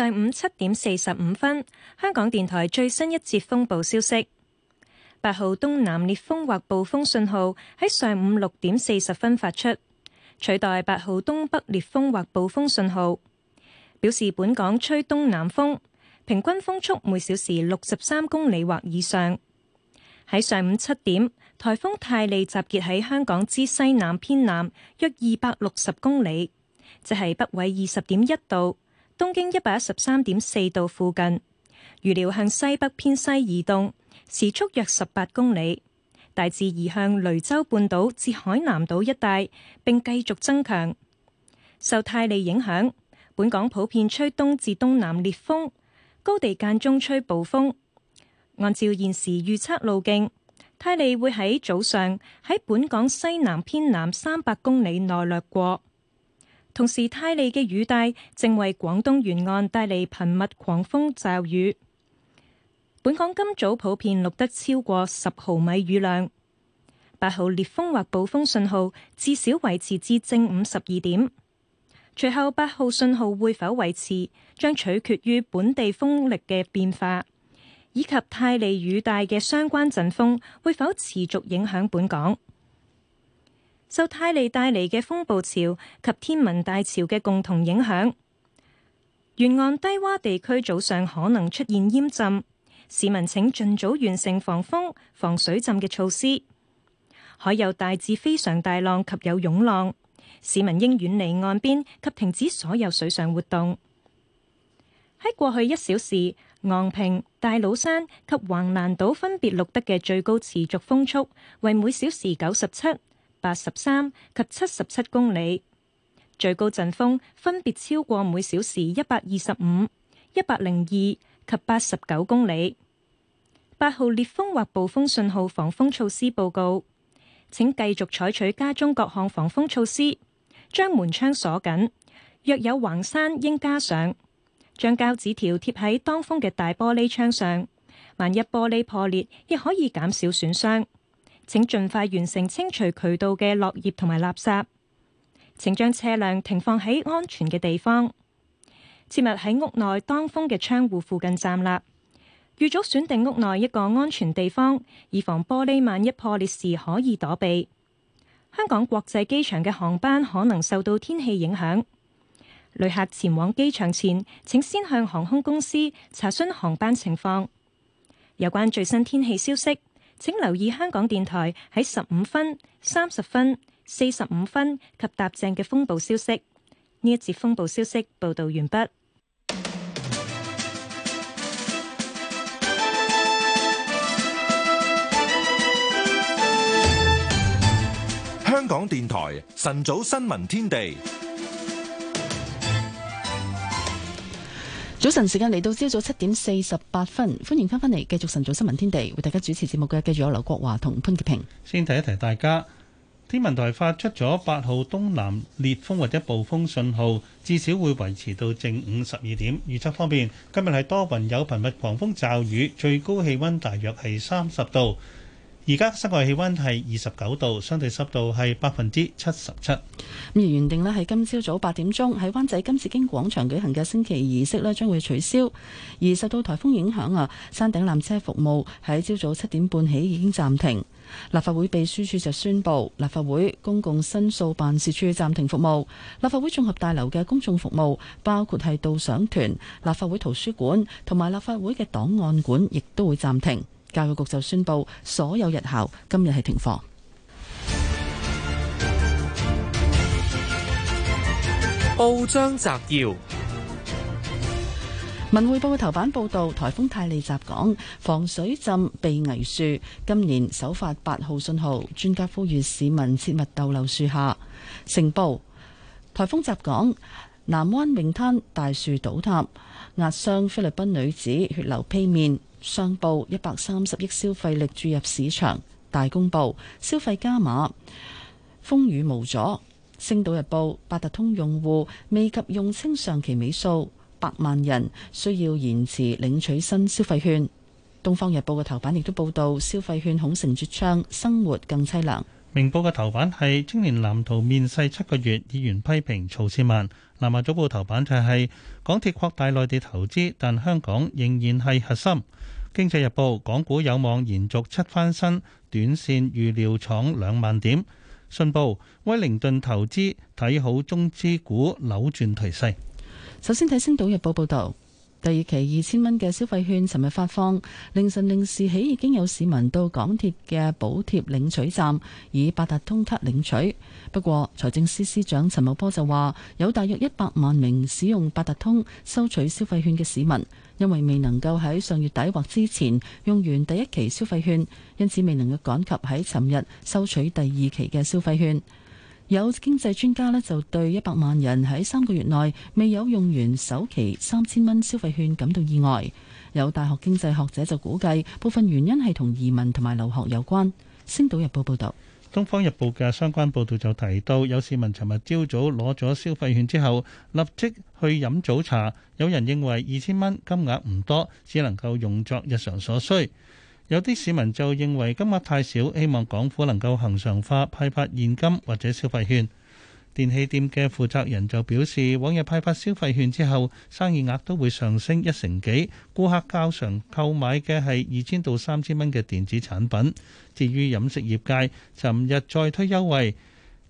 上午七點四十五分，香港電台最新一節風暴消息：八號東南烈風或暴風信號喺上午六點四十分發出，取代八號東北烈風或暴風信號，表示本港吹東南風，平均風速每小時六十三公里或以上。喺上午七點，颱風泰利集結喺香港之西南偏南約二百六十公里，即係北緯二十點一度。東經一百一十三點四度附近，預料向西北偏西移動，時速約十八公里，大致移向雷州半島至海南島一帶，並繼續增強。受泰利影響，本港普遍吹東至東南烈風，高地間中吹暴風。按照現時預測路徑，泰利會喺早上喺本港西南偏南三百公里內掠過。同時，泰利嘅雨帶正為廣東沿岸帶嚟頻密狂風驟雨。本港今早普遍錄得超過十毫米雨量。八號烈風或暴風信號至少維持至正午十二點。隨後八號信號會否維持，將取決於本地風力嘅變化，以及泰利雨帶嘅相關陣風會否持續影響本港。受泰利帶嚟嘅風暴潮及天文大潮嘅共同影響，沿岸低洼地區早上可能出現淹浸，市民請盡早完成防風、防水浸嘅措施。海有大至非常大浪及有湧浪，市民應遠離岸邊及停止所有水上活動。喺過去一小時，昂平、大老山及橫瀾島分別錄得嘅最高持續風速為每小時九十七，八十三及七十七公里，最高陣風分別超過每小時一百二十五、一百零二及八十九公里。八號烈風或暴風信號防風措施報告，請繼續採取家中各項防風措施，將門窗鎖緊。若有橫閂，應加上將膠紙條貼喺當風嘅大玻璃窗上，萬一玻璃破裂，亦可以減少損傷。請盡快完成清除渠道嘅落葉同埋垃圾，請將車輛停放喺安全嘅地方。切勿喺屋內當風嘅窗戶附近站立。預早選定屋內一個安全地方，以防玻璃萬一破裂時可以躲避。香港國際機場嘅航班可能受到天氣影響，旅客前往機場前，請先向航空公司查詢航班情況。有關最新天氣消息，請留意香港電台喺十五分、三十分、四十五分及搭正嘅風暴消息。呢一節風暴消息報道完畢。香港電台晨早新聞天地。早晨時間嚟到朝早七點四十八分，歡迎翻返嚟繼續晨早新聞天地，為大家主持節目嘅，繼續有劉國華同潘潔平。先提一提大家，天文台發出咗八號東南烈風或者暴風信號，至少會維持到正午十二點。預測方面，今日係多雲有頻密狂風驟雨，最高氣溫大約係三十度。而家室外氣溫係二十九度，相對濕度係百分之七十七。咁而原定呢係今朝早八點鐘喺灣仔金紫荊廣場舉行嘅升旗儀式呢將會取消。而受到台風影響啊，山頂纜車服務喺朝早七點半起已經暫停。立法會秘書處就宣布，立法會公共申訴辦事處暫停服務。立法會綜合大樓嘅公眾服務，包括係導賞團、立法會圖書館同埋立法會嘅檔案館，亦都會暫停。教育局就宣布，所有日校今日係停課。報章摘要：《文匯報》頭版報道，台風泰利襲港，防水浸避危樹，今年首發八號信號，專家呼籲市民切勿逗留樹下。成報：台風襲港，南灣泳灘大樹倒塌，壓傷菲律賓女子，血流披面。商報，一百三十億消費力注入市場，大公報，消費加碼，風雨無阻。星島日報：八達通用戶未及用清上期尾數百萬人，需要延遲領取新消費券。《東方日報》嘅頭版亦都報道消費券恐成絕唱，生活更淒涼。明報嘅頭版係青年藍圖面世七個月，議員批評措辭慢。南華早報頭版就係港鐵擴大內地投資，但香港仍然係核心。經濟日報，港股有望延續七翻身，短線預料闖兩萬點。信報，威靈頓投資睇好中資股扭轉頹勢。首先睇星島日報報導。第二期二千蚊嘅消費券，尋日發放，凌晨零時起已經有市民到港鐵嘅補貼領取站以八達通卡領取。不過，財政司司長陳茂波就話，有大約一百萬名使用八達通收取消費券嘅市民，因為未能夠喺上月底或之前用完第一期消費券，因此未能夠趕及喺尋日收取第二期嘅消費券。有經濟專家呢就對一百萬人喺三個月內未有用完首期三千蚊消費券感到意外。有大學經濟學者就估計，部分原因係同移民同埋留學有關。星島日報報道，《東方日報》嘅相關報導就提到，有市民尋日朝早攞咗消費券之後，立即去飲早茶。有人認為二千蚊金額唔多，只能夠用作日常所需。有啲市民就認為金額太少，希望港府能夠恒常化派發現金或者消費券。電器店嘅負責人就表示，往日派發消費券之後，生意額都會上升一成幾，顧客較常購買嘅係二千到三千蚊嘅電子產品。至於飲食業界，尋日再推優惠，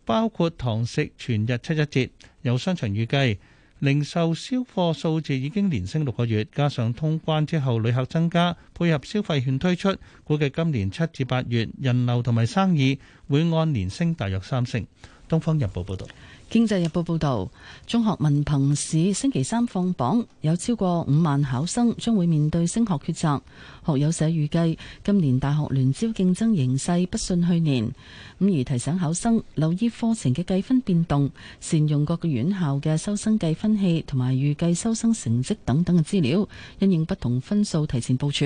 包括堂食全日七一折。有商場預計。零售銷貨數字已經連升六個月，加上通關之後旅客增加，配合消費券推出，估計今年七至八月人流同埋生意會按年升大約三成。《東方日報》報導，《經濟日報》報導，中學文憑試星期三放榜，有超過五萬考生將會面對升學抉擇。學友社預計今年大學聯招競爭形勢不遜去年，咁而提醒考生留意課程嘅計分變動，善用各個院校嘅收生計分器同埋預計收生成績等等嘅資料，因應不同分數提前部署。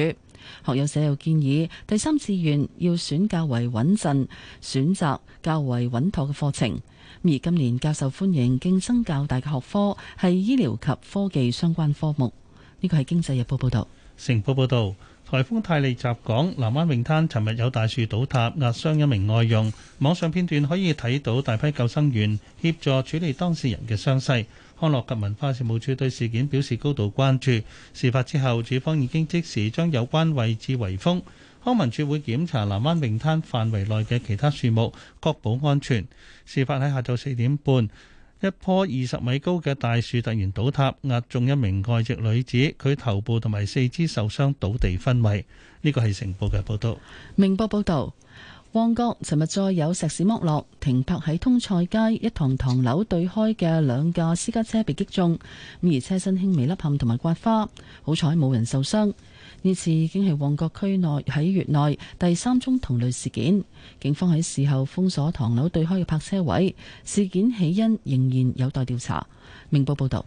學友社又建議第三志願要選較為穩陣，選擇較為穩妥嘅課程。而今年較受歡迎、競爭較大嘅學科係醫療及科技相關科目。呢個係經濟日報報導。成報報導，颱風泰利襲港，南灣泳灘尋日有大樹倒塌壓傷一名外佣。網上片段可以睇到大批救生員協助處理當事人嘅傷勢。康樂及文化事務署對事件表示高度關注。事發之後，警方已經即時將有關位置圍封，康文署會檢查南灣泳灘範圍內嘅其他樹木，確保安全。事發喺下晝四點半，一棵二十米高嘅大樹突然倒塌，壓中一名外籍女子，佢頭部同埋四肢受傷，倒地昏迷。呢個係成報嘅報道，明報報道。旺角，尋日再有石屎剝落，停泊喺通菜街一幢唐樓對開嘅兩架私家車被擊中，咁而車身輕微凹陷同埋刮花，好彩冇人受傷。呢次已經係旺角區內喺月內第三宗同類事件，警方喺事後封鎖唐樓對開嘅泊車位，事件起因仍然有待調查。明報報道。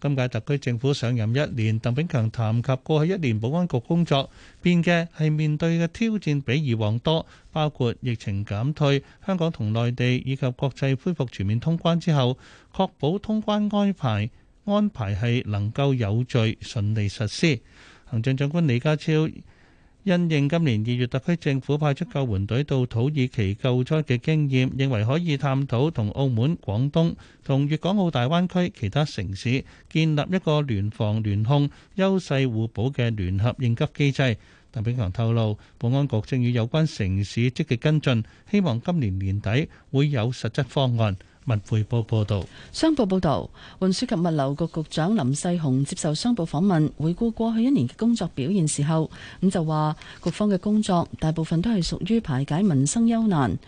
今屆特區政府上任一年，鄧炳強談及過去一年保安局工作，變嘅係面對嘅挑戰比以往多，包括疫情減退、香港同內地以及國際恢復全面通關之後，確保通關安排，安排係能夠有序、順利實施。行政長官李家超。因應今年二月特區政府派出救援隊到土耳其救災嘅經驗，認為可以探討同澳門、廣東同粵港澳大灣區其他城市建立一個聯防聯控、優勢互補嘅聯合應急機制。鄧炳強透露，保安局正與有關城市積極跟進，希望今年年底會有實質方案。文匯報報道，商報報道，運輸及物流局局長林世雄接受商報訪問，回顧過去一年嘅工作表現時候，咁就話，局方嘅工作大部分都係屬於排解民生憂難。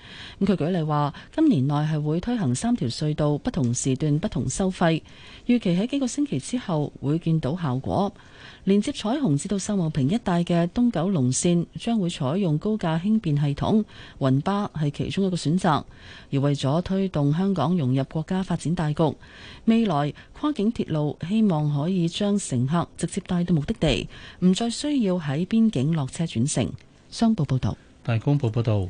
咁佢舉例話，今年內係會推行三條隧道不同時段不同收費，預期喺幾個星期之後會見到效果。連接彩虹至到秀茂坪一帶嘅東九龍綫將會採用高架輕便系統，雲巴係其中一個選擇。而為咗推動香港融入國家發展大局，未來跨境鐵路希望可以將乘客直接帶到目的地，唔再需要喺邊境落車轉乘。商報報道，大公報報道。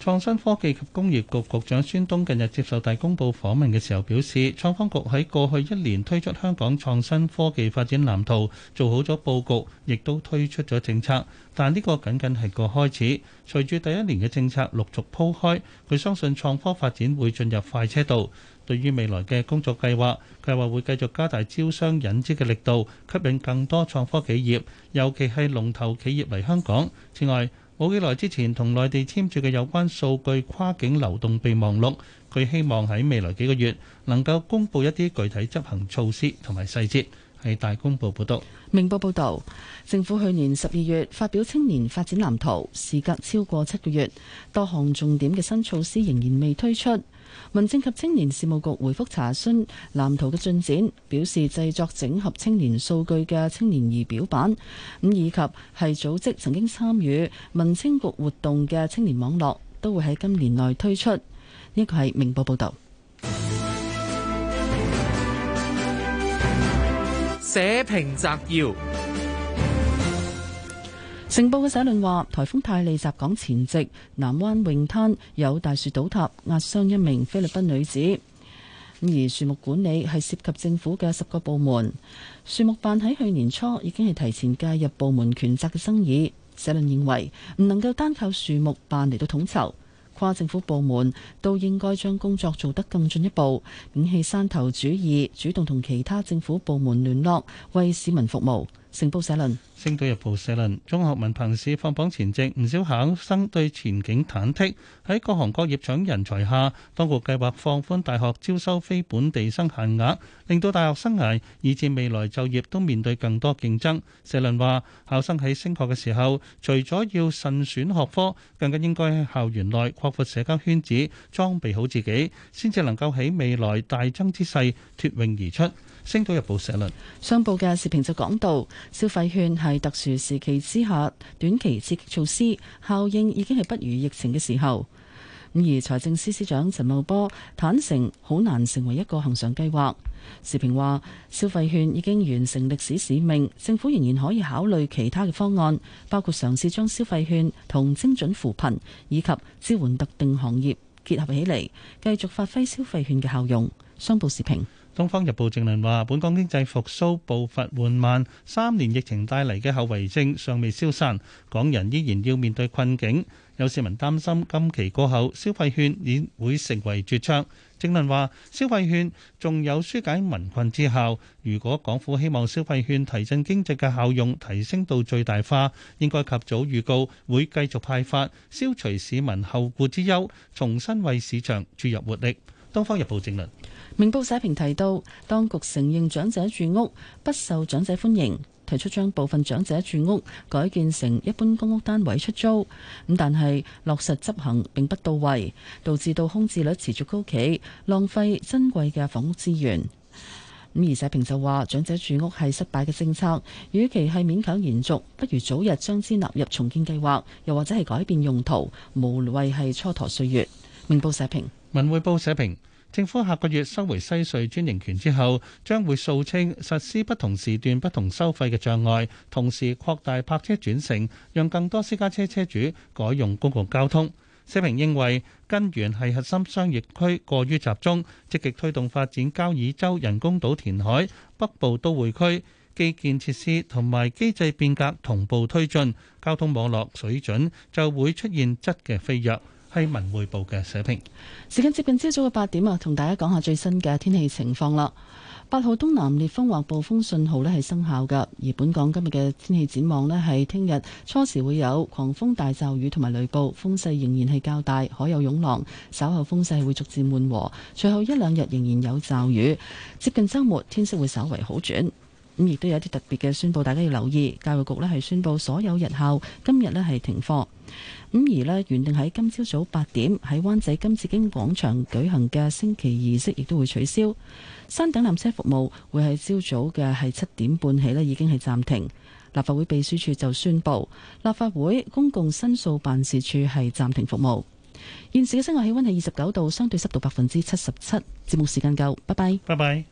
創新科技及工業局局長孫東近日接受《大公報》訪問嘅時候表示，創科局喺過去一年推出香港創新科技發展藍圖，做好咗佈局，亦都推出咗政策，但呢個僅僅係個開始。隨住第一年嘅政策陸續鋪開，佢相信創科發展會進入快車道。對於未來嘅工作計劃，計劃會繼續加大招商引資嘅力度，吸引更多創科企業，尤其係龍頭企業嚟香港。此外，冇幾耐之前，同內地簽署嘅有關數據跨境流動備忘錄，佢希望喺未來幾個月能夠公布一啲具體執行措施同埋細節。係大公報報道。明報報道，政府去年十二月發表青年發展藍圖，時隔超過七個月，多項重點嘅新措施仍然未推出。民政及青年事務局回覆查詢藍圖嘅進展，表示製作整合青年數據嘅青年儀表板，咁以及係組織曾經參與民青局活動嘅青年網絡，都會喺今年內推出。呢個係明報報道。社評摘要。成報嘅社論話：颱風泰利襲港前夕，南灣泳灘有大樹倒塌，壓傷一名菲律賓女子。而樹木管理係涉及政府嘅十個部門，樹木辦喺去年初已經係提前介入部門權責嘅爭議。社論認為唔能夠單靠樹木辦嚟到統籌，跨政府部門都應該將工作做得更進一步，摒棄山頭主義，主動同其他政府部門聯絡，為市民服務。成報社論：星島日報社論，中學文憑試放榜前夕，唔少考生對前景忐忑。喺各行各業搶人才下，當局計劃放寬大學招收非本地生限額，令到大學生涯以至未來就業都面對更多競爭。社論話，考生喺升學嘅時候，除咗要慎選學科，更加應該喺校園內擴闊社交圈子，裝備好自己，先至能夠喺未來大增之勢脫穎而出。星島日報社論，商報嘅時評就講到，消費券係特殊時期之下短期刺激措施，效應已經係不如疫情嘅時候。咁而財政司司長陳茂波坦承，好難成為一個恆常計劃。時評話，消費券已經完成歷史使命，政府仍然可以考慮其他嘅方案，包括嘗試將消費券同精準扶貧以及支援特定行業結合起嚟，繼續發揮消費券嘅效用。商報時評。《東方日報》正論話：本港經濟復甦步伐緩慢，三年疫情帶嚟嘅後遺症尚未消散，港人依然要面對困境。有市民擔心今期過後消費券已會成為絕唱。正論話：消費券仲有疏解民困之效。如果港府希望消費券提振經濟嘅效用提升到最大化，應該及早預告會繼續派發，消除市民後顧之憂，重新為市場注入活力。《東方日報》正論。明報社評提到，當局承認長者住屋不受長者歡迎，提出將部分長者住屋改建成一般公屋單位出租，咁但係落實執行並不到位，導致到空置率持續高企，浪費珍貴嘅房屋資源。咁而社評就話，長者住屋係失敗嘅政策，與其係勉強延續，不如早日將之納入重建計劃，又或者係改變用途，無謂係蹉跎歲月。明報社評，文匯報社評。政府下個月收回西隧專營權之後，將會掃清實施不同時段不同收費嘅障礙，同時擴大泊車轉乘，讓更多私家車車主改用公共交通。社評認為根源係核心商業區過於集中，積極推動發展交椅洲人工島填海、北部都會區基建設施同埋機制變革同步推進，交通網絡水準就會出現質嘅飛躍。係文匯報嘅社評。時間接近朝早嘅八點啊，同大家講下最新嘅天氣情況啦。八號東南烈風或暴風信號呢係生效嘅，而本港今日嘅天氣展望呢，係聽日初時會有狂風大驟雨同埋雷暴，風勢仍然係較大，海有湧浪。稍後風勢會逐漸緩和，隨後一兩日仍然有驟雨。接近週末，天色會稍為好轉。咁亦都有啲特別嘅宣佈，大家要留意。教育局呢係宣佈所有日校今日呢係停課。咁而呢，原定喺今朝早八點喺灣仔金紫荊廣場舉行嘅升旗儀式，亦都會取消。山頂纜車服務會喺朝早嘅係七點半起呢，已經係暫停。立法會秘書處就宣布，立法會公共申訴辦事處係暫停服務。現時嘅室外氣溫係二十九度，相對濕度百分之七十七。節目時間夠，拜拜，拜拜。